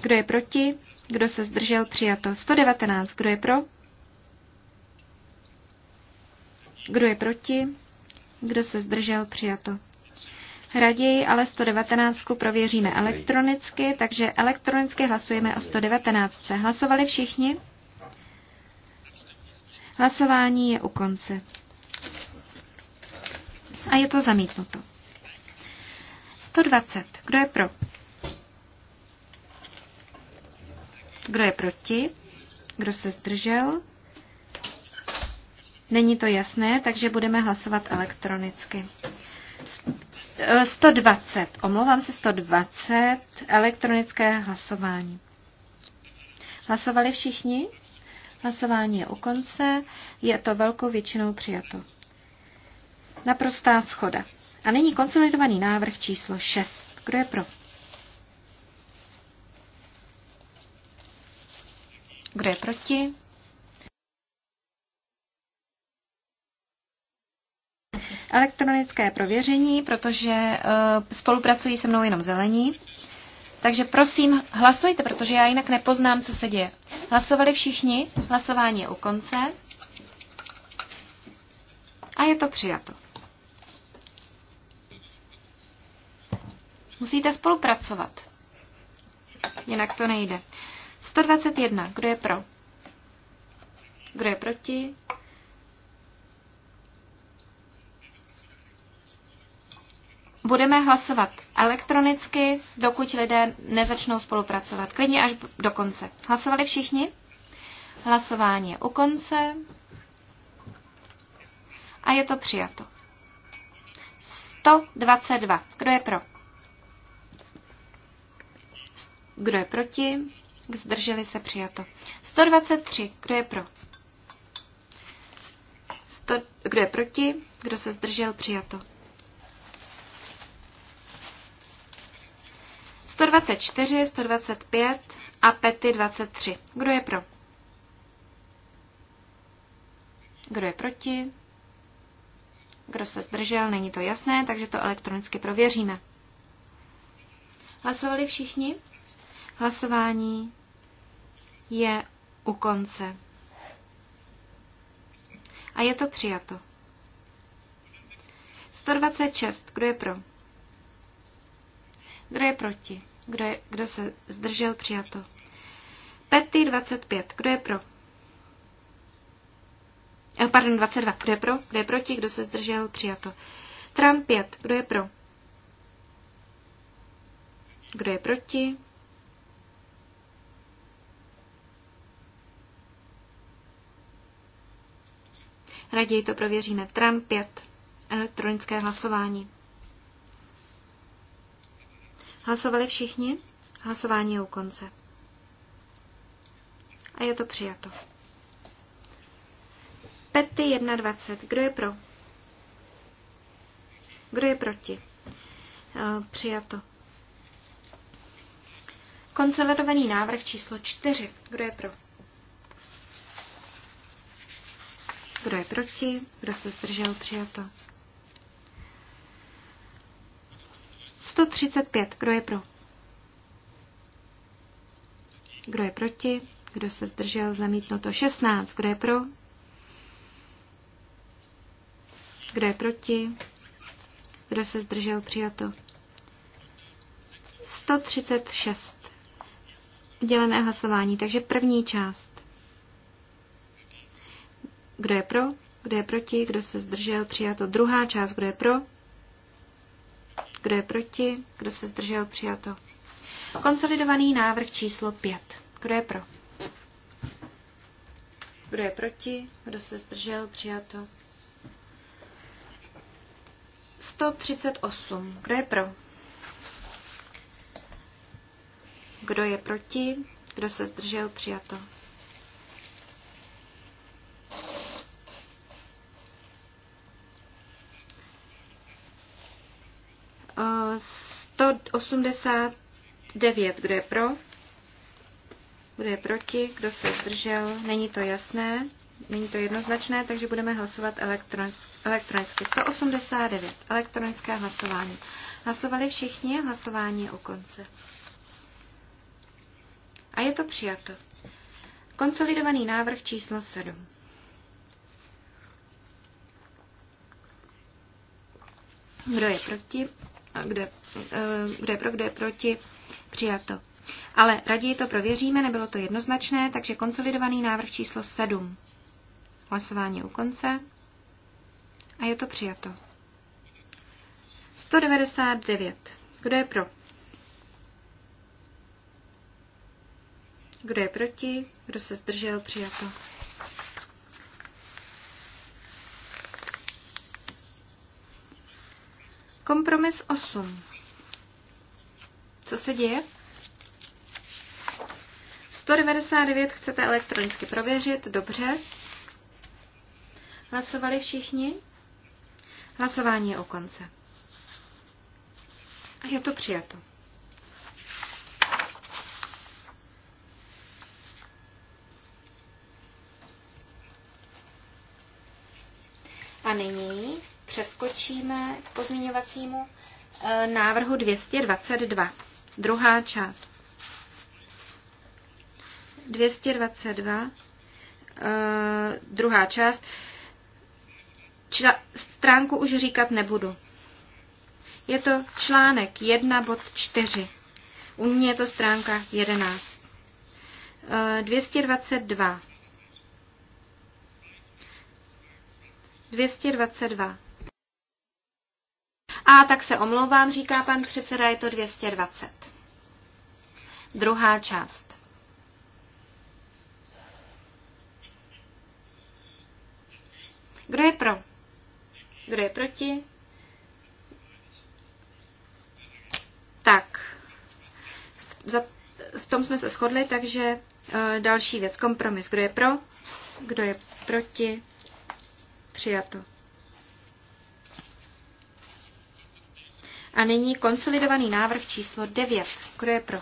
Kdo je proti? Kdo se zdržel? Přijato. 119. Kdo je pro? Kdo je proti? Kdo se zdržel? Přijato. Raději ale 119 prověříme elektronicky, takže elektronicky hlasujeme o 119. Hlasovali všichni? Hlasování je u konce. A je to zamítnuto. 120. Kdo je pro? Kdo je proti? Kdo se zdržel? Není to jasné, takže budeme hlasovat elektronicky. 120, omlouvám se, 120, elektronické hlasování. Hlasovali všichni? Hlasování je u konce, je to velkou většinou přijato. Naprostá schoda. A nyní konsolidovaný návrh číslo 6. Kdo je pro? Kdo je proti? Elektronické prověření, protože eh, spolupracují se mnou jenom zelení. Takže prosím, hlasujte, protože já jinak nepoznám, co se děje. Hlasovali všichni, hlasování je u konce a je to přijato. Musíte spolupracovat, jinak to nejde. 121. Kdo je pro? Kdo je proti? Budeme hlasovat elektronicky, dokud lidé nezačnou spolupracovat. Klidně až do konce. Hlasovali všichni? Hlasování je u konce a je to přijato. 122. Kdo je pro? Kdo je proti? zdrželi se přijato. 123, kdo je pro? 100, kdo je proti? Kdo se zdržel přijato? 124, 125 a pety 23. Kdo je pro? Kdo je proti? Kdo se zdržel? Není to jasné, takže to elektronicky prověříme. Hlasovali všichni? Hlasování je u konce. A je to přijato. 126. Kdo je pro? Kdo je proti? Kdo, je, kdo se zdržel? Přijato. Pety 25. Kdo je pro? Eh, pardon, 22. Kdo je pro? Kdo je proti? Kdo se zdržel? Přijato. Tram 5. Kdo je pro? Kdo je proti? Raději to prověříme. tram 5. Elektronické hlasování. Hlasovali všichni? Hlasování je u konce. A je to přijato. Pety 21. Kdo je pro? Kdo je proti? E, přijato. Konsolidovaný návrh číslo 4. Kdo je pro? Kdo je proti? Kdo se zdržel? Přijato. 135. Kdo je pro? Kdo je proti? Kdo se zdržel? Zamítnuto. 16. Kdo je pro? Kdo je proti? Kdo se zdržel? Přijato. 136. Dělené hlasování. Takže první část. Kdo je pro? Kdo je proti? Kdo se zdržel? Přijato. Druhá část. Kdo je pro? Kdo je proti? Kdo se zdržel? Přijato. Konsolidovaný návrh číslo 5. Kdo je pro? Kdo je proti? Kdo se zdržel? Přijato. 138. Kdo je pro? Kdo je proti? Kdo se zdržel? Přijato. 89, kdo je pro, kdo je proti, kdo se zdržel, není to jasné, není to jednoznačné, takže budeme hlasovat elektronicky. 189, elektronické hlasování. Hlasovali všichni, hlasování je u konce. A je to přijato. Konsolidovaný návrh číslo 7. Kdo je proti? kde, e, kde pro, kde proti, přijato. Ale raději to prověříme, nebylo to jednoznačné, takže konsolidovaný návrh číslo 7. Hlasování u konce. A je to přijato. 199. Kdo je pro? Kdo je proti? Kdo se zdržel? Přijato. Kompromis 8. Co se děje? 199 chcete elektronicky prověřit, dobře. Hlasovali všichni? Hlasování je o konce. A je to přijato. přikročíme k pozměňovacímu e, návrhu 222, druhá část. 222, e, druhá část. Čla, stránku už říkat nebudu. Je to článek 1 bod 4. U mě je to stránka 11. 222. 222. A tak se omlouvám, říká pan předseda, je to 220. Druhá část. Kdo je pro? Kdo je proti? Tak, v, za, v tom jsme se shodli, takže e, další věc, kompromis. Kdo je pro? Kdo je proti? Přijato. A nyní konsolidovaný návrh číslo 9. Kdo je pro?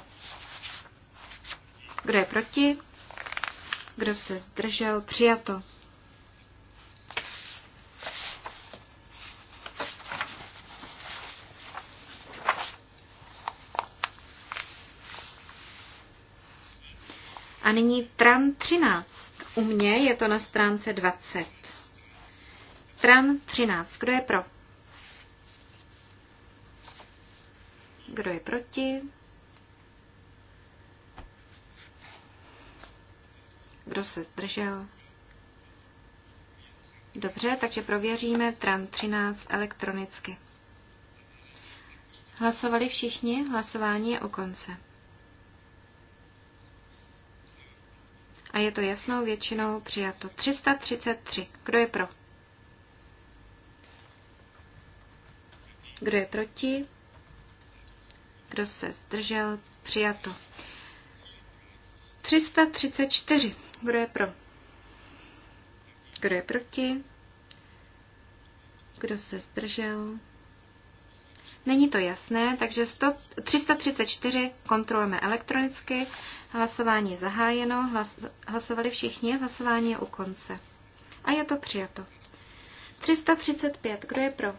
Kdo je proti? Kdo se zdržel? Přijato. A nyní TRAN 13. U mě je to na stránce 20. TRAN 13. Kdo je pro? Kdo je proti? Kdo se zdržel? Dobře, takže prověříme TRAN 13 elektronicky. Hlasovali všichni, hlasování je u konce. A je to jasnou většinou přijato. 333. Kdo je pro? Kdo je proti? kdo se zdržel, přijato. 334, kdo je pro? Kdo je proti? Kdo se zdržel? Není to jasné, takže 100, 334 kontrolujeme elektronicky. Hlasování je zahájeno, hlas, hlasovali všichni, hlasování je u konce. A je to přijato. 335. Kdo je pro?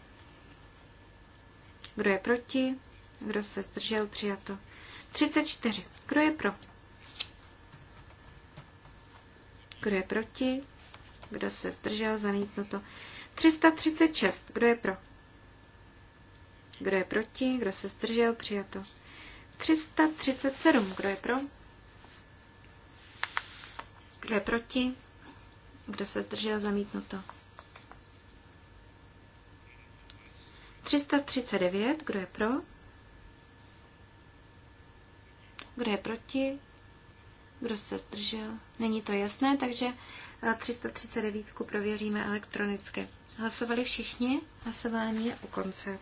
Kdo je proti? Kdo se zdržel? Přijato. 34. Kdo je pro? Kdo je proti? Kdo se zdržel? Zamítnuto. 336. Kdo je pro? Kdo je proti? Kdo se zdržel? Přijato. 337. Kdo je pro? Kdo je proti? Kdo se zdržel? Zamítnuto. 339. Kdo je pro? Kdo je proti? Kdo se zdržel? Není to jasné, takže 339 eh, prověříme elektronicky. Hlasovali všichni, hlasování je u konce.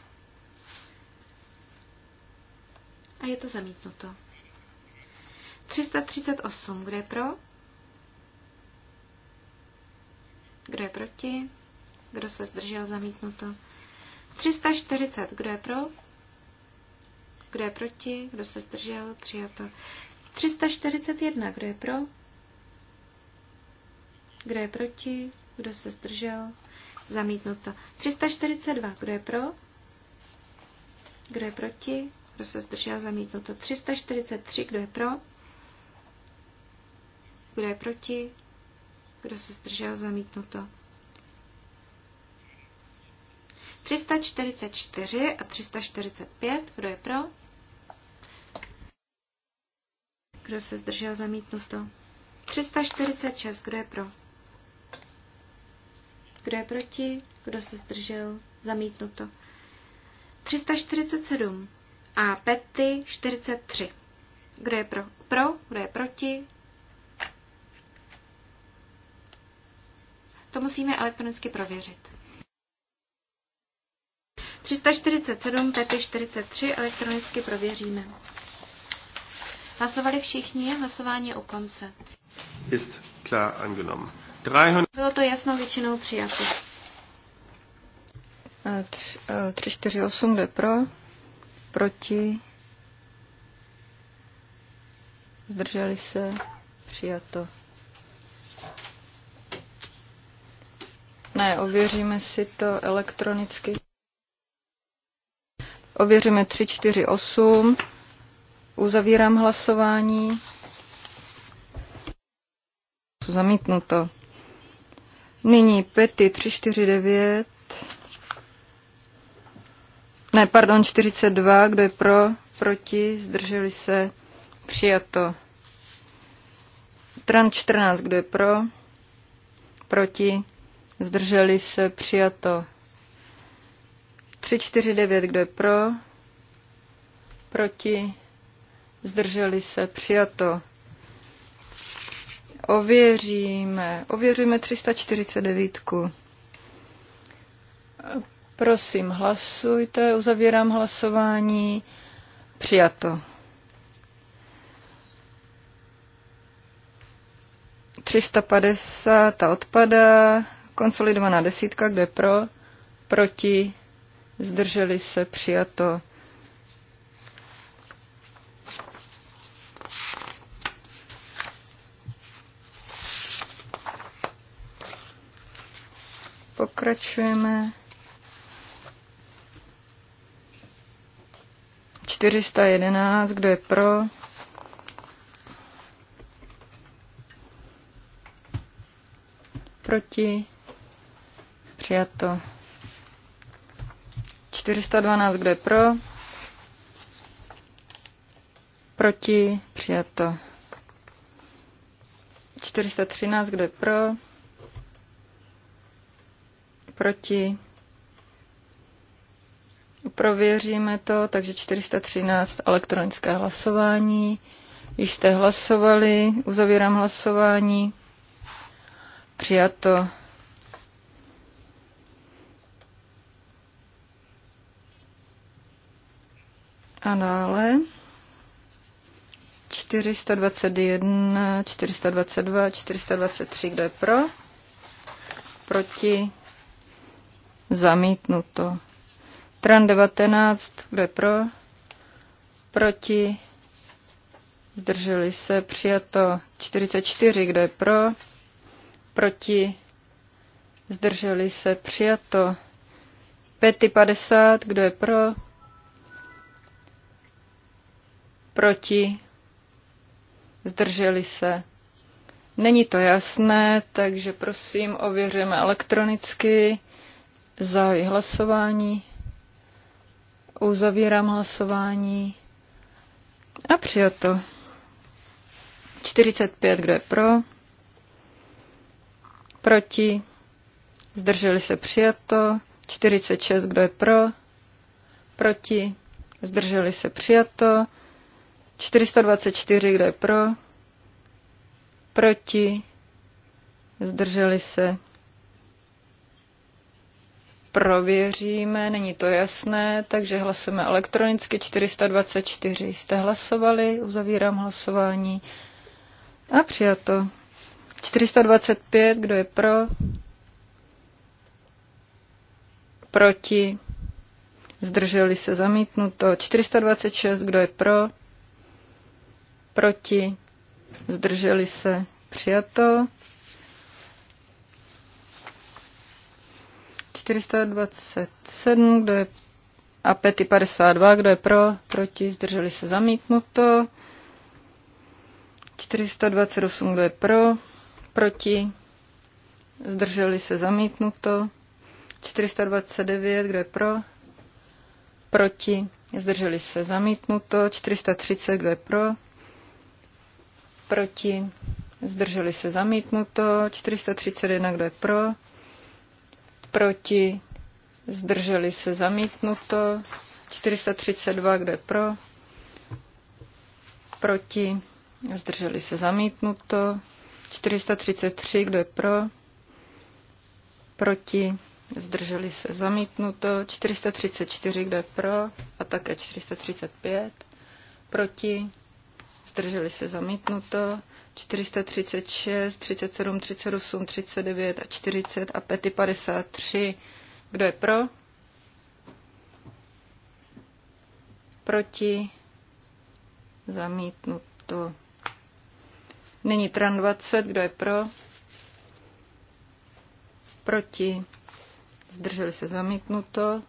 A je to zamítnuto. 338, kdo je pro? Kdo je proti? Kdo se zdržel zamítnuto? 340, kdo je pro? Kdo je proti? Kdo se zdržel? Přijato. 341. Kdo je pro? Kdo je proti? Kdo se zdržel? Zamítnuto. 342. Kdo je pro? Kdo je proti? Kdo se zdržel? Zamítnuto. 343. Kdo je pro? Kdo je proti? Kdo se zdržel? Zamítnuto. 344 a 345. Kdo je pro? Kdo se zdržel zamítnuto? 346. Kdo je pro? Kdo je proti? Kdo se zdržel? Zamítnuto. 347. A pety 43. Kdo je pro? Pro? Kdo je proti? To musíme elektronicky prověřit. 347, pety 43 elektronicky prověříme. Hlasovali všichni, hlasování je u konce. Ist klar angenommen. 300... Bylo to jasnou většinou přijato. 348 eh, jde eh, pro, proti, zdrželi se, přijato. Ne, ověříme si to elektronicky. Ověříme 348. Uzavírám hlasování. Zamítnuto. Nyní pety 349. Ne, pardon, 42. Kdo je pro? Proti? Zdrželi se? Přijato. Tran 14. Kdo je pro? Proti? Zdrželi se? Přijato. 349. Kdo je pro? Proti? zdrželi se, přijato. Ověříme, ověříme 349. Prosím, hlasujte, uzavírám hlasování, přijato. 350, ta odpadá, konsolidovaná desítka, kde pro, proti, zdrželi se, přijato. pokračujeme. 411, kdo je pro? Proti? Přijato. 412, kdo je pro? Proti? Přijato. 413, kdo je pro? proti. Prověříme to, takže 413 elektronické hlasování. Již jste hlasovali, uzavírám hlasování. Přijato. A dále 421, 422, 423, kdo je pro? Proti? Zamítnuto. Tran 19, kdo je pro? Proti? Zdrželi se. Přijato 44, kdo je pro? Proti? Zdrželi se. Přijato. Pety 50, kdo je pro? Proti? Zdrželi se. Není to jasné, takže prosím ověřeme elektronicky. Zahajuji hlasování. Uzavírám hlasování. A přijato. 45, kdo je pro? Proti? Zdrželi se přijato. 46, kdo je pro? Proti? Zdrželi se přijato. 424, kdo je pro? Proti? Zdrželi se prověříme, není to jasné, takže hlasujeme elektronicky 424. Jste hlasovali, uzavírám hlasování a přijato. 425, kdo je pro? Proti? Zdrželi se zamítnuto. 426, kdo je pro? Proti? Zdrželi se přijato. 427, kdo je a pety 52, kdo je pro, proti, zdrželi se zamítnuto. 428, kdo je pro, proti, zdrželi se zamítnuto. 429, kdo je pro, proti, zdrželi se zamítnuto. 430, kdo je pro, proti, zdrželi se zamítnuto. 431, kdo je pro, proti, zdrželi se zamítnuto, 432, kde pro, proti, zdrželi se zamítnuto, 433, kdo je pro, proti, zdrželi se zamítnuto, 434, kdo je pro a také 435, proti, zdrželi se zamítnuto, 436, 37, 38, 39 a 40 a pety 53. Kdo je pro? Proti? Zamítnuto. Nyní tran 20, kdo je pro? Proti? Zdrželi se zamítnuto.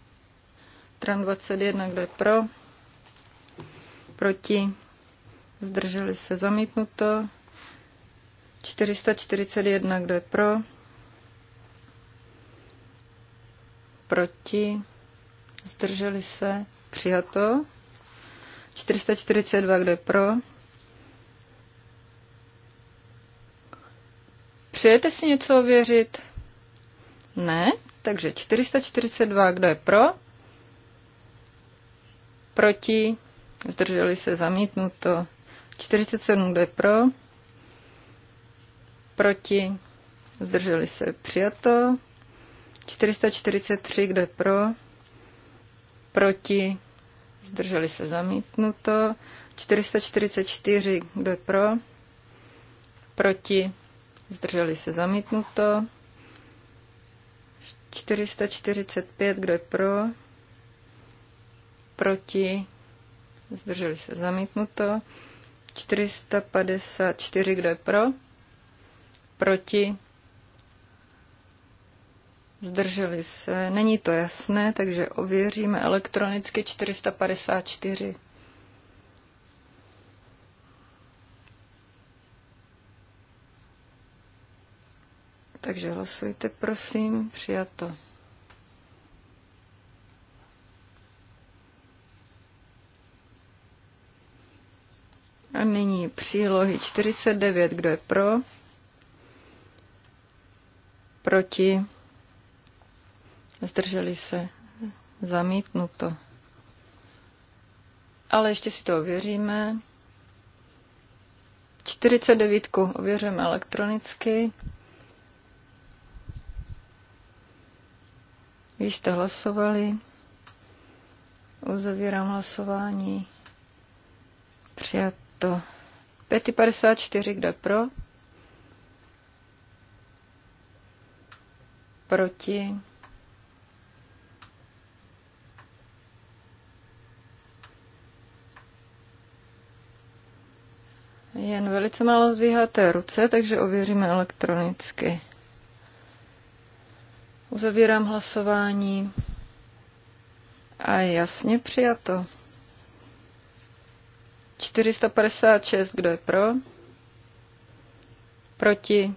Tran 21, kdo je pro? Proti? zdrželi se zamítnuto. 441, kdo je pro, proti, zdrželi se, přijato. 442, kdo je pro, Přejete si něco ověřit? Ne? Takže 442, kdo je pro? Proti? Zdrželi se zamítnuto. 47 jde pro, proti, zdrželi se přijato, 443 kde pro, proti, zdrželi se zamítnuto, 444 kde pro, proti, zdrželi se zamítnuto, 445 kde pro, proti, zdrželi se zamítnuto, 454, kdo je pro? Proti? Zdrželi se. Není to jasné, takže ověříme elektronicky 454. Takže hlasujte, prosím, přijato. A nyní přílohy 49, kdo je pro, proti, zdrželi se, zamítnuto. Ale ještě si to ověříme. 49 ověřujeme elektronicky. Vy jste hlasovali. Uzavírám hlasování. Přijat to. 5,54, kdo je pro? Proti? Jen velice málo zvíháte ruce, takže ověříme elektronicky. Uzavírám hlasování. A jasně přijato. 456, kdo je pro? Proti?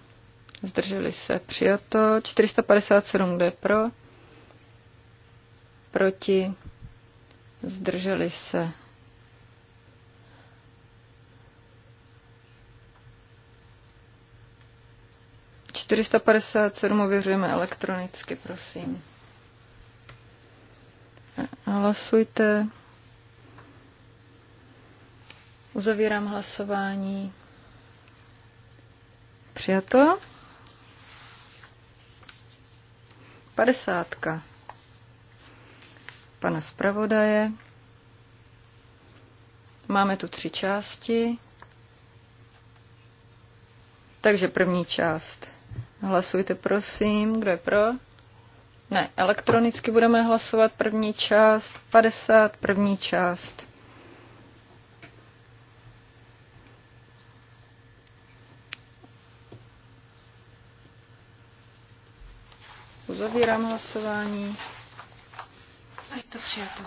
Zdrželi se. Přijato. 457, kdo je pro? Proti? Zdrželi se. Čtyřista padesát sedm ověřujeme elektronicky, prosím. Hlasujte. Uzavírám hlasování. Přijato. Padesátka. Pana zpravodaje. Máme tu tři části. Takže první část. Hlasujte prosím, kdo je pro? Ne, elektronicky budeme hlasovat první část, 50 první část. Uzavírám hlasování. A je to přijato.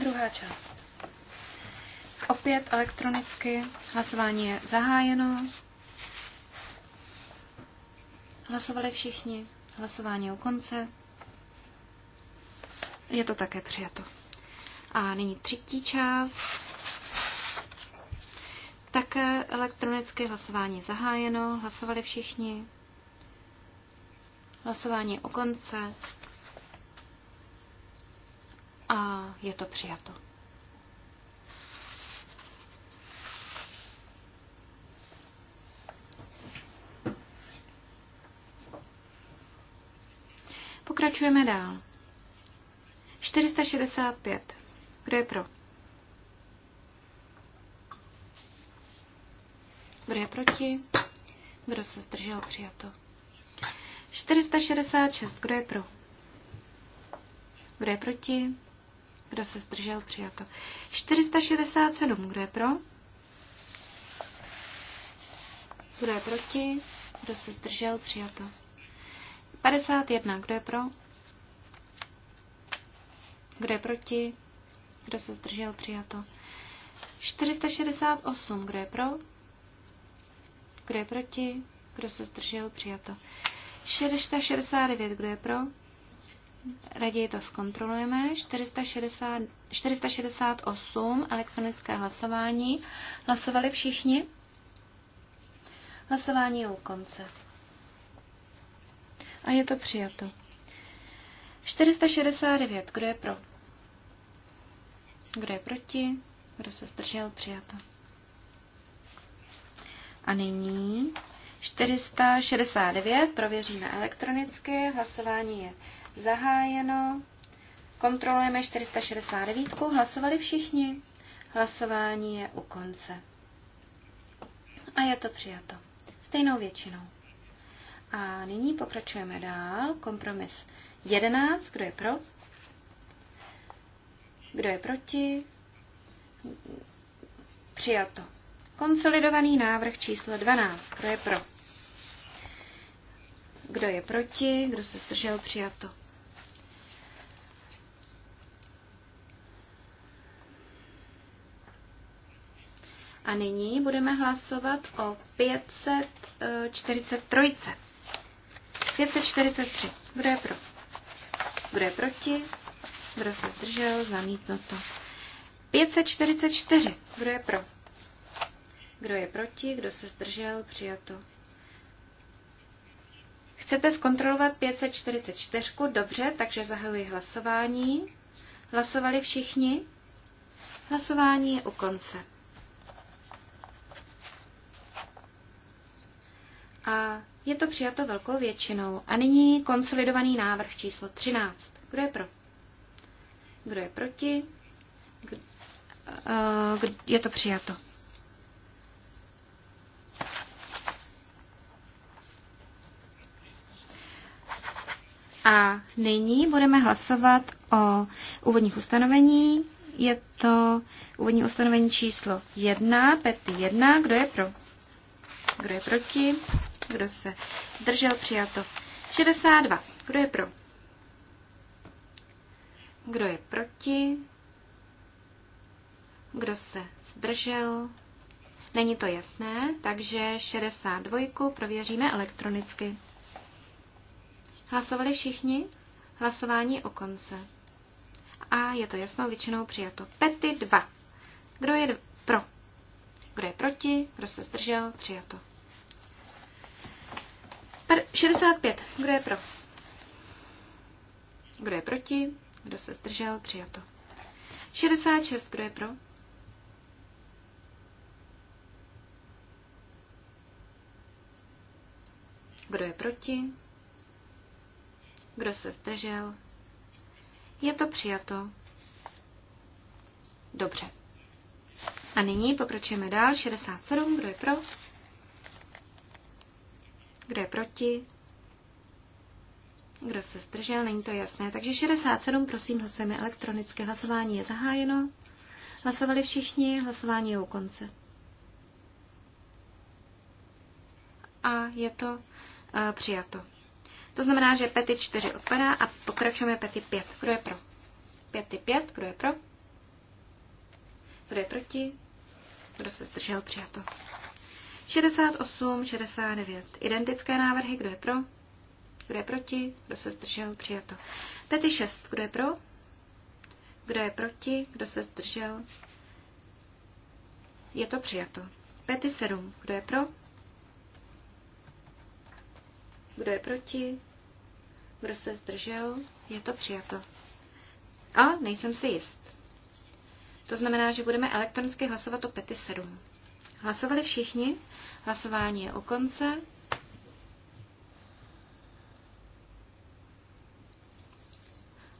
Druhá část. Opět elektronicky. Hlasování je zahájeno. Hlasovali všichni. Hlasování je u konce. Je to také přijato. A nyní třetí část. Také elektronické hlasování zahájeno. Hlasovali všichni. Hlasování o konce. A je to přijato. Pokračujeme dál. 465. Kdo je pro? Kdo je proti? Kdo se zdržel přijato? 466. Kdo je pro? Kdo je proti? Kdo se zdržel? Přijato. 467. Kdo je pro? Kdo je proti? Kdo se zdržel? Přijato. 51. Kdo je pro? Kdo je proti? Kdo se zdržel? Přijato. 468. Kdo je pro? Kdo je proti? Kdo se zdržel? Přijato. 469, kdo je pro? Raději to zkontrolujeme. 460, 468, elektronické hlasování. Hlasovali všichni? Hlasování je u konce. A je to přijato. 469, kdo je pro? Kdo je proti? Kdo se zdržel? Přijato. A nyní 469 prověříme elektronicky, hlasování je zahájeno. Kontrolujeme 469, hlasovali všichni, hlasování je u konce. A je to přijato. Stejnou většinou. A nyní pokračujeme dál. Kompromis 11. Kdo je pro? Kdo je proti? Přijato. Konsolidovaný návrh číslo 12. Kdo je pro? Kdo je proti? Kdo se zdržel? Přijato. A nyní budeme hlasovat o 543. 543. Kdo je pro? Kdo je proti? Kdo se zdržel? Zamítnuto. 544. Kdo je pro? Kdo je proti? Kdo se zdržel? Přijato. Chcete zkontrolovat 544? Dobře, takže zahajuji hlasování. Hlasovali všichni? Hlasování je u konce. A je to přijato velkou většinou. A nyní konsolidovaný návrh číslo 13. Kdo je pro? Kdo je proti? Kdo, eh, je to přijato. A nyní budeme hlasovat o úvodních ustanovení. Je to úvodní ustanovení číslo 1, pety 1. Kdo je pro? Kdo je proti? Kdo se zdržel? Přijato. 62. Kdo je pro? Kdo je proti? Kdo se zdržel? Není to jasné, takže 62 prověříme elektronicky. Hlasovali všichni? Hlasování o konce. A je to jasnou většinou přijato. Pety dva. Kdo je pro? Kdo je proti? Kdo se zdržel? Přijato. 65. Kdo je pro? Kdo je proti? Kdo se zdržel? Přijato. 66. Kdo je pro? Kdo je proti? Kdo se zdržel? Je to přijato. Dobře. A nyní pokročíme dál. 67. Kdo je pro? Kdo je proti? Kdo se zdržel? Není to jasné. Takže 67. Prosím, hlasujeme elektronické. Hlasování je zahájeno. Hlasovali všichni. Hlasování je u konce. A je to uh, přijato. To znamená, že pety 4 odpadá a pokračujeme pety 5. Kdo je pro? Pety 5, kdo je pro? Kdo je proti? Kdo se zdržel? Přijato. 68, 69. Identické návrhy. Kdo je pro? Kdo je proti? Kdo se zdržel? Přijato. Pety 6. Kdo je pro? Kdo je proti? Kdo se zdržel? Je to přijato. Pety 7. Kdo je pro? Kdo je proti? Kdo se zdržel? Je to přijato. A nejsem si jist. To znamená, že budeme elektronicky hlasovat o pety 7. Hlasovali všichni. Hlasování je o konce.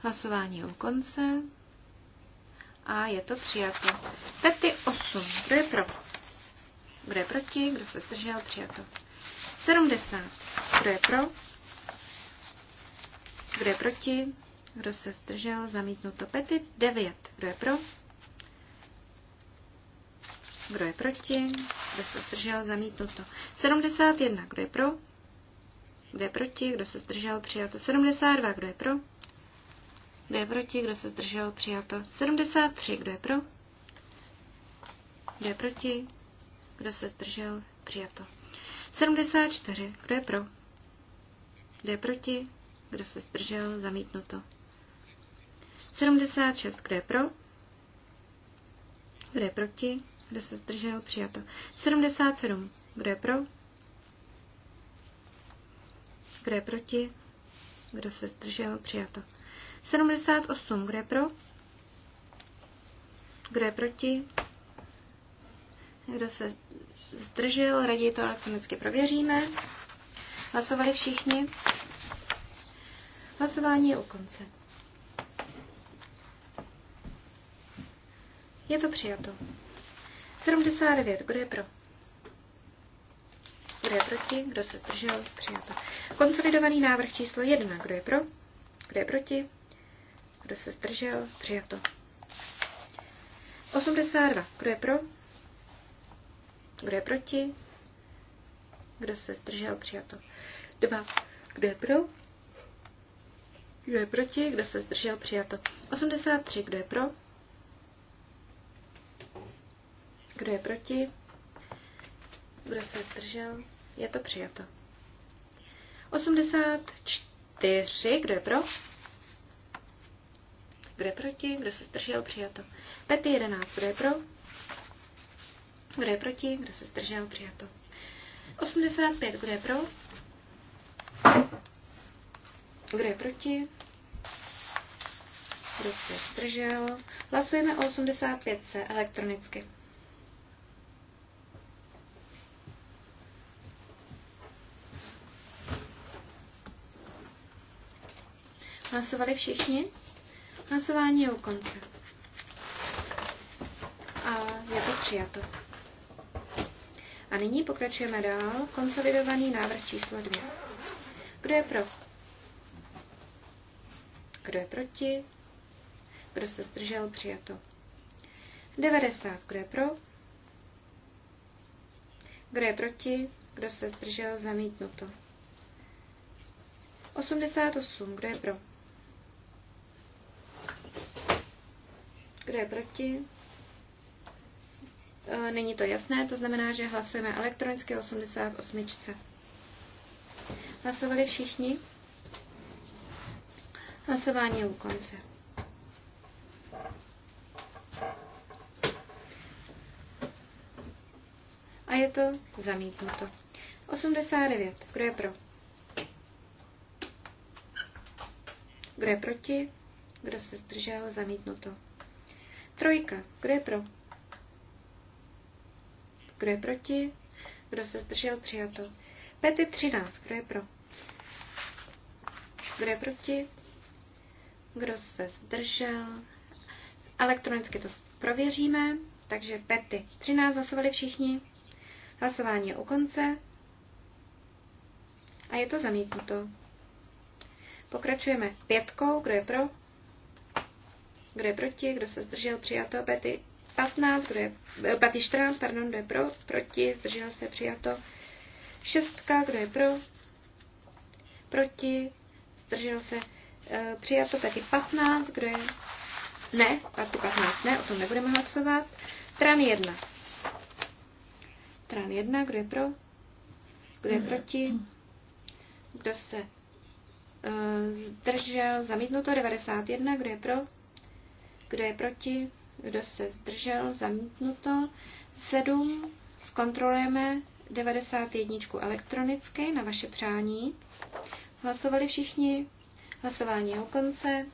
Hlasování je u konce. A je to přijato. Pety 8. Kdo je pro? Kdo je proti? Kdo se zdržel? Přijato. 70. Kdo je pro? Kdo je proti? Kdo se zdržel? Zamítnuto. Petit 9. Kdo je pro? Kdo je proti? Kdo se zdržel? Zamítnuto. 71. Kdo je pro? Kdo je proti? Kdo se zdržel? Přijato. 72. Kdo je pro? Kdo je proti? Kdo se zdržel? Přijato. 73. Kdo je pro? Kdo je proti? Kdo se zdržel? Přijato. 74. Kdo je pro? Kdo je proti? Kdo se zdržel? Zamítnuto. 76. Kdo je pro? Kdo je proti? Kdo se zdržel? Přijato. 77. Kdo je pro? Kdo je proti? Kdo se zdržel? Přijato. 78. Kdo je pro? Kdo je proti? Kdo se zdržel, raději to elektronicky prověříme. Hlasovali všichni. Hlasování je u konce. Je to přijato. 79. Kdo je pro? Kdo je proti? Kdo se zdržel? Přijato. Konsolidovaný návrh číslo 1. Kdo je pro? Kdo je proti? Kdo se zdržel? Přijato. 82. Kdo je pro? Kdo je proti? Kdo se zdržel? Přijato. Dva. Kdo je pro? Kdo je proti? Kdo se zdržel? Přijato. 83. Kdo je pro? Kdo je proti? Kdo se zdržel? Je to přijato. 84. Kdo je pro? Kdo je proti? Kdo se zdržel? Přijato. 5. 11. Kdo je pro? Kdo je proti? Kdo se zdržel? Přijato. 85. Kdo je pro? Kdo je proti? Kdo se zdržel? Hlasujeme o 85C elektronicky. Hlasovali všichni? Hlasování je u konce. A je to přijato. A nyní pokračujeme dál. Konsolidovaný návrh číslo 2. Kdo je pro? Kdo je proti? Kdo se zdržel? Přijato. 90. Kdo je pro? Kdo je proti? Kdo se zdržel? Zamítnuto. 88. Kdo je pro? Kdo je proti? E, není to jasné, to znamená, že hlasujeme elektronicky 88. Hlasovali všichni? Hlasování je u konce. A je to zamítnuto. 89. Kdo je pro? Kdo je proti? Kdo se zdržel? Zamítnuto. Trojka. Kdo je pro? Kdo je proti? Kdo se zdržel? Přijato. Pety 13. Kdo je pro? Kdo je proti? Kdo se zdržel? Elektronicky to prověříme. Takže pety 13 hlasovali všichni. Hlasování je u konce. A je to zamítnuto. Pokračujeme pětkou. Kdo je pro? Kdo je proti? Kdo se zdržel? Přijato. Pety 15, kdo je, 5, eh, 14, pardon, kdo je pro, proti, zdržel se, přijato. 6, kdo je pro, proti, zdržel se, eh, přijato taky 15, kdo je, ne, taky 15 ne, o tom nebudeme hlasovat. Tran 1. Tran 1, kdo je pro, kdo je proti, kdo se eh, zdržel, zamítnuto 91, kdo je pro, kdo je proti, kdo se zdržel, zamítnuto. 7 zkontrolujeme 91 elektronicky na vaše přání. Hlasovali všichni, hlasování je u konce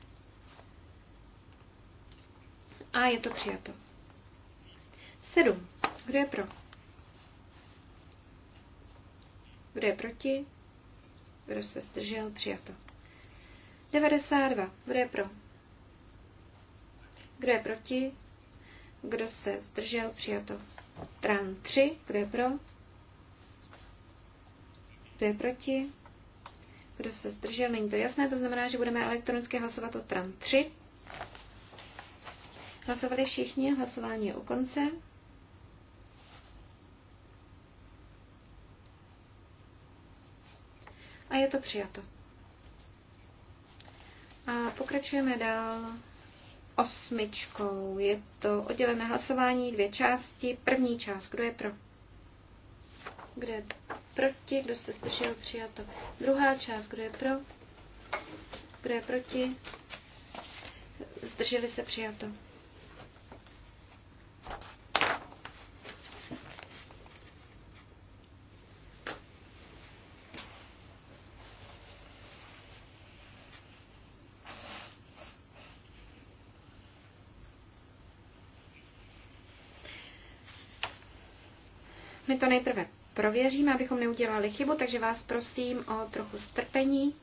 a je to přijato. 7. Kdo je pro? Kdo je proti? Kdo se zdržel? Přijato. 92. Kdo je pro? Kdo je proti? Kdo se zdržel? Přijato. Tran 3. Kdo je pro? Kdo je proti? Kdo se zdržel? Není to jasné, to znamená, že budeme elektronicky hlasovat o Tran 3. Hlasovali všichni, hlasování je u konce. A je to přijato. A pokračujeme dál osmičkou. Je to oddělené hlasování, dvě části. První část, kdo je pro? Kdo je proti? Kdo se zdržel? Přijato. Druhá část, kdo je pro? Kdo je proti? Zdrželi se přijato. to nejprve prověříme, abychom neudělali chybu, takže vás prosím o trochu strpení.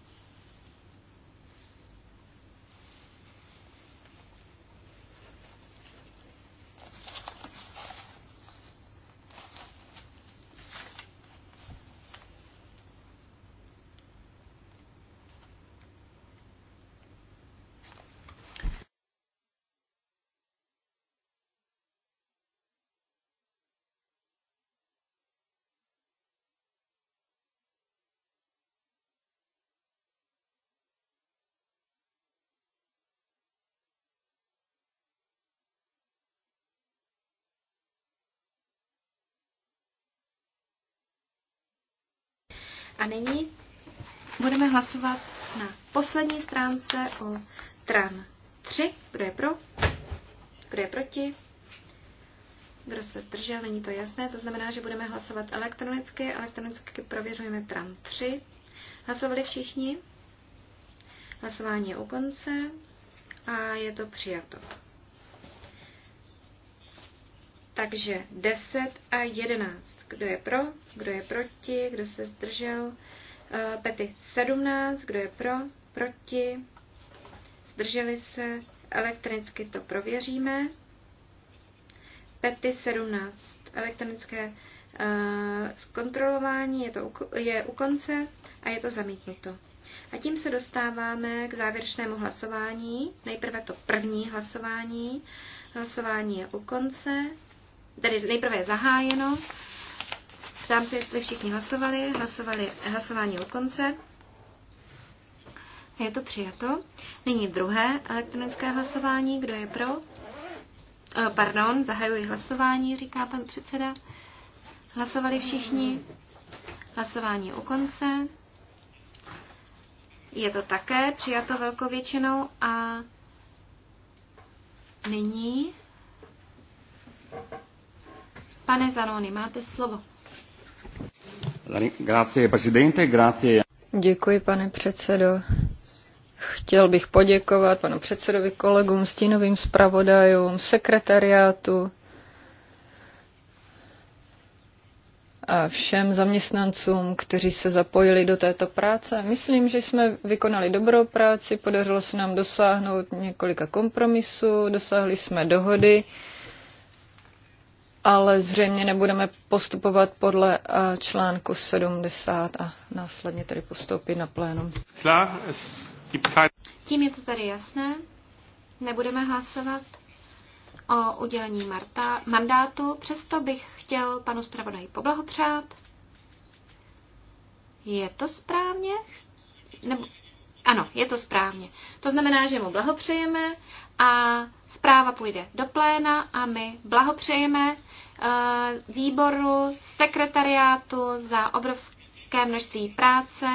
A nyní budeme hlasovat na poslední stránce o TRAN 3. Kdo je pro? Kdo je proti? Kdo se zdržel? Není to jasné. To znamená, že budeme hlasovat elektronicky. Elektronicky prověřujeme TRAN 3. Hlasovali všichni? Hlasování je u konce a je to přijato. Takže 10 a 11. Kdo je pro, kdo je proti, kdo se zdržel. Eh, Pety 17, kdo je pro, proti, zdrželi se, elektronicky to prověříme. Pety 17, elektronické eh, zkontrolování je, to je u konce a je to zamítnuto. A tím se dostáváme k závěrečnému hlasování. Nejprve to první hlasování. Hlasování je u konce tedy nejprve je zahájeno. Ptám se, jestli všichni hlasovali. hlasovali hlasování u konce. Je to přijato. Nyní druhé elektronické hlasování. Kdo je pro? E, pardon, zahajuji hlasování, říká pan předseda. Hlasovali všichni. Hlasování u konce. Je to také přijato velkou většinou a nyní Pane Zanoni, máte slovo. Grazie, presidente, grazie. Děkuji, pane předsedo. Chtěl bych poděkovat panu předsedovi kolegům, stínovým zpravodajům, sekretariátu a všem zaměstnancům, kteří se zapojili do této práce. Myslím, že jsme vykonali dobrou práci, podařilo se nám dosáhnout několika kompromisů, dosáhli jsme dohody ale zřejmě nebudeme postupovat podle eh, článku 70 a následně tedy postoupit na plénum. Tím je to tady jasné. Nebudeme hlasovat o udělení Marta, mandátu, přesto bych chtěl panu zpravodaji poblahopřát. Je to správně? Nebo ano, je to správně. To znamená, že mu blahopřejeme a zpráva půjde do pléna a my blahopřejeme eh, výboru, sekretariátu za obrovské množství práce.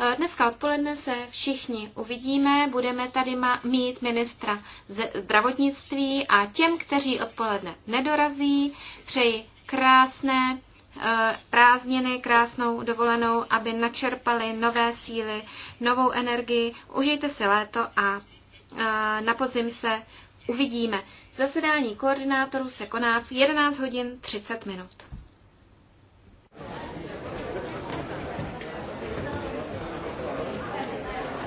Eh, dneska odpoledne se všichni uvidíme, budeme tady mít ministra zdravotnictví a těm, kteří odpoledne nedorazí, přeji krásné Eh, prázdniny, krásnou dovolenou, aby načerpali nové síly, novou energii. Užijte si léto a eh, na podzim se uvidíme. Zasedání koordinátorů se koná v 11 hodin 30 minut.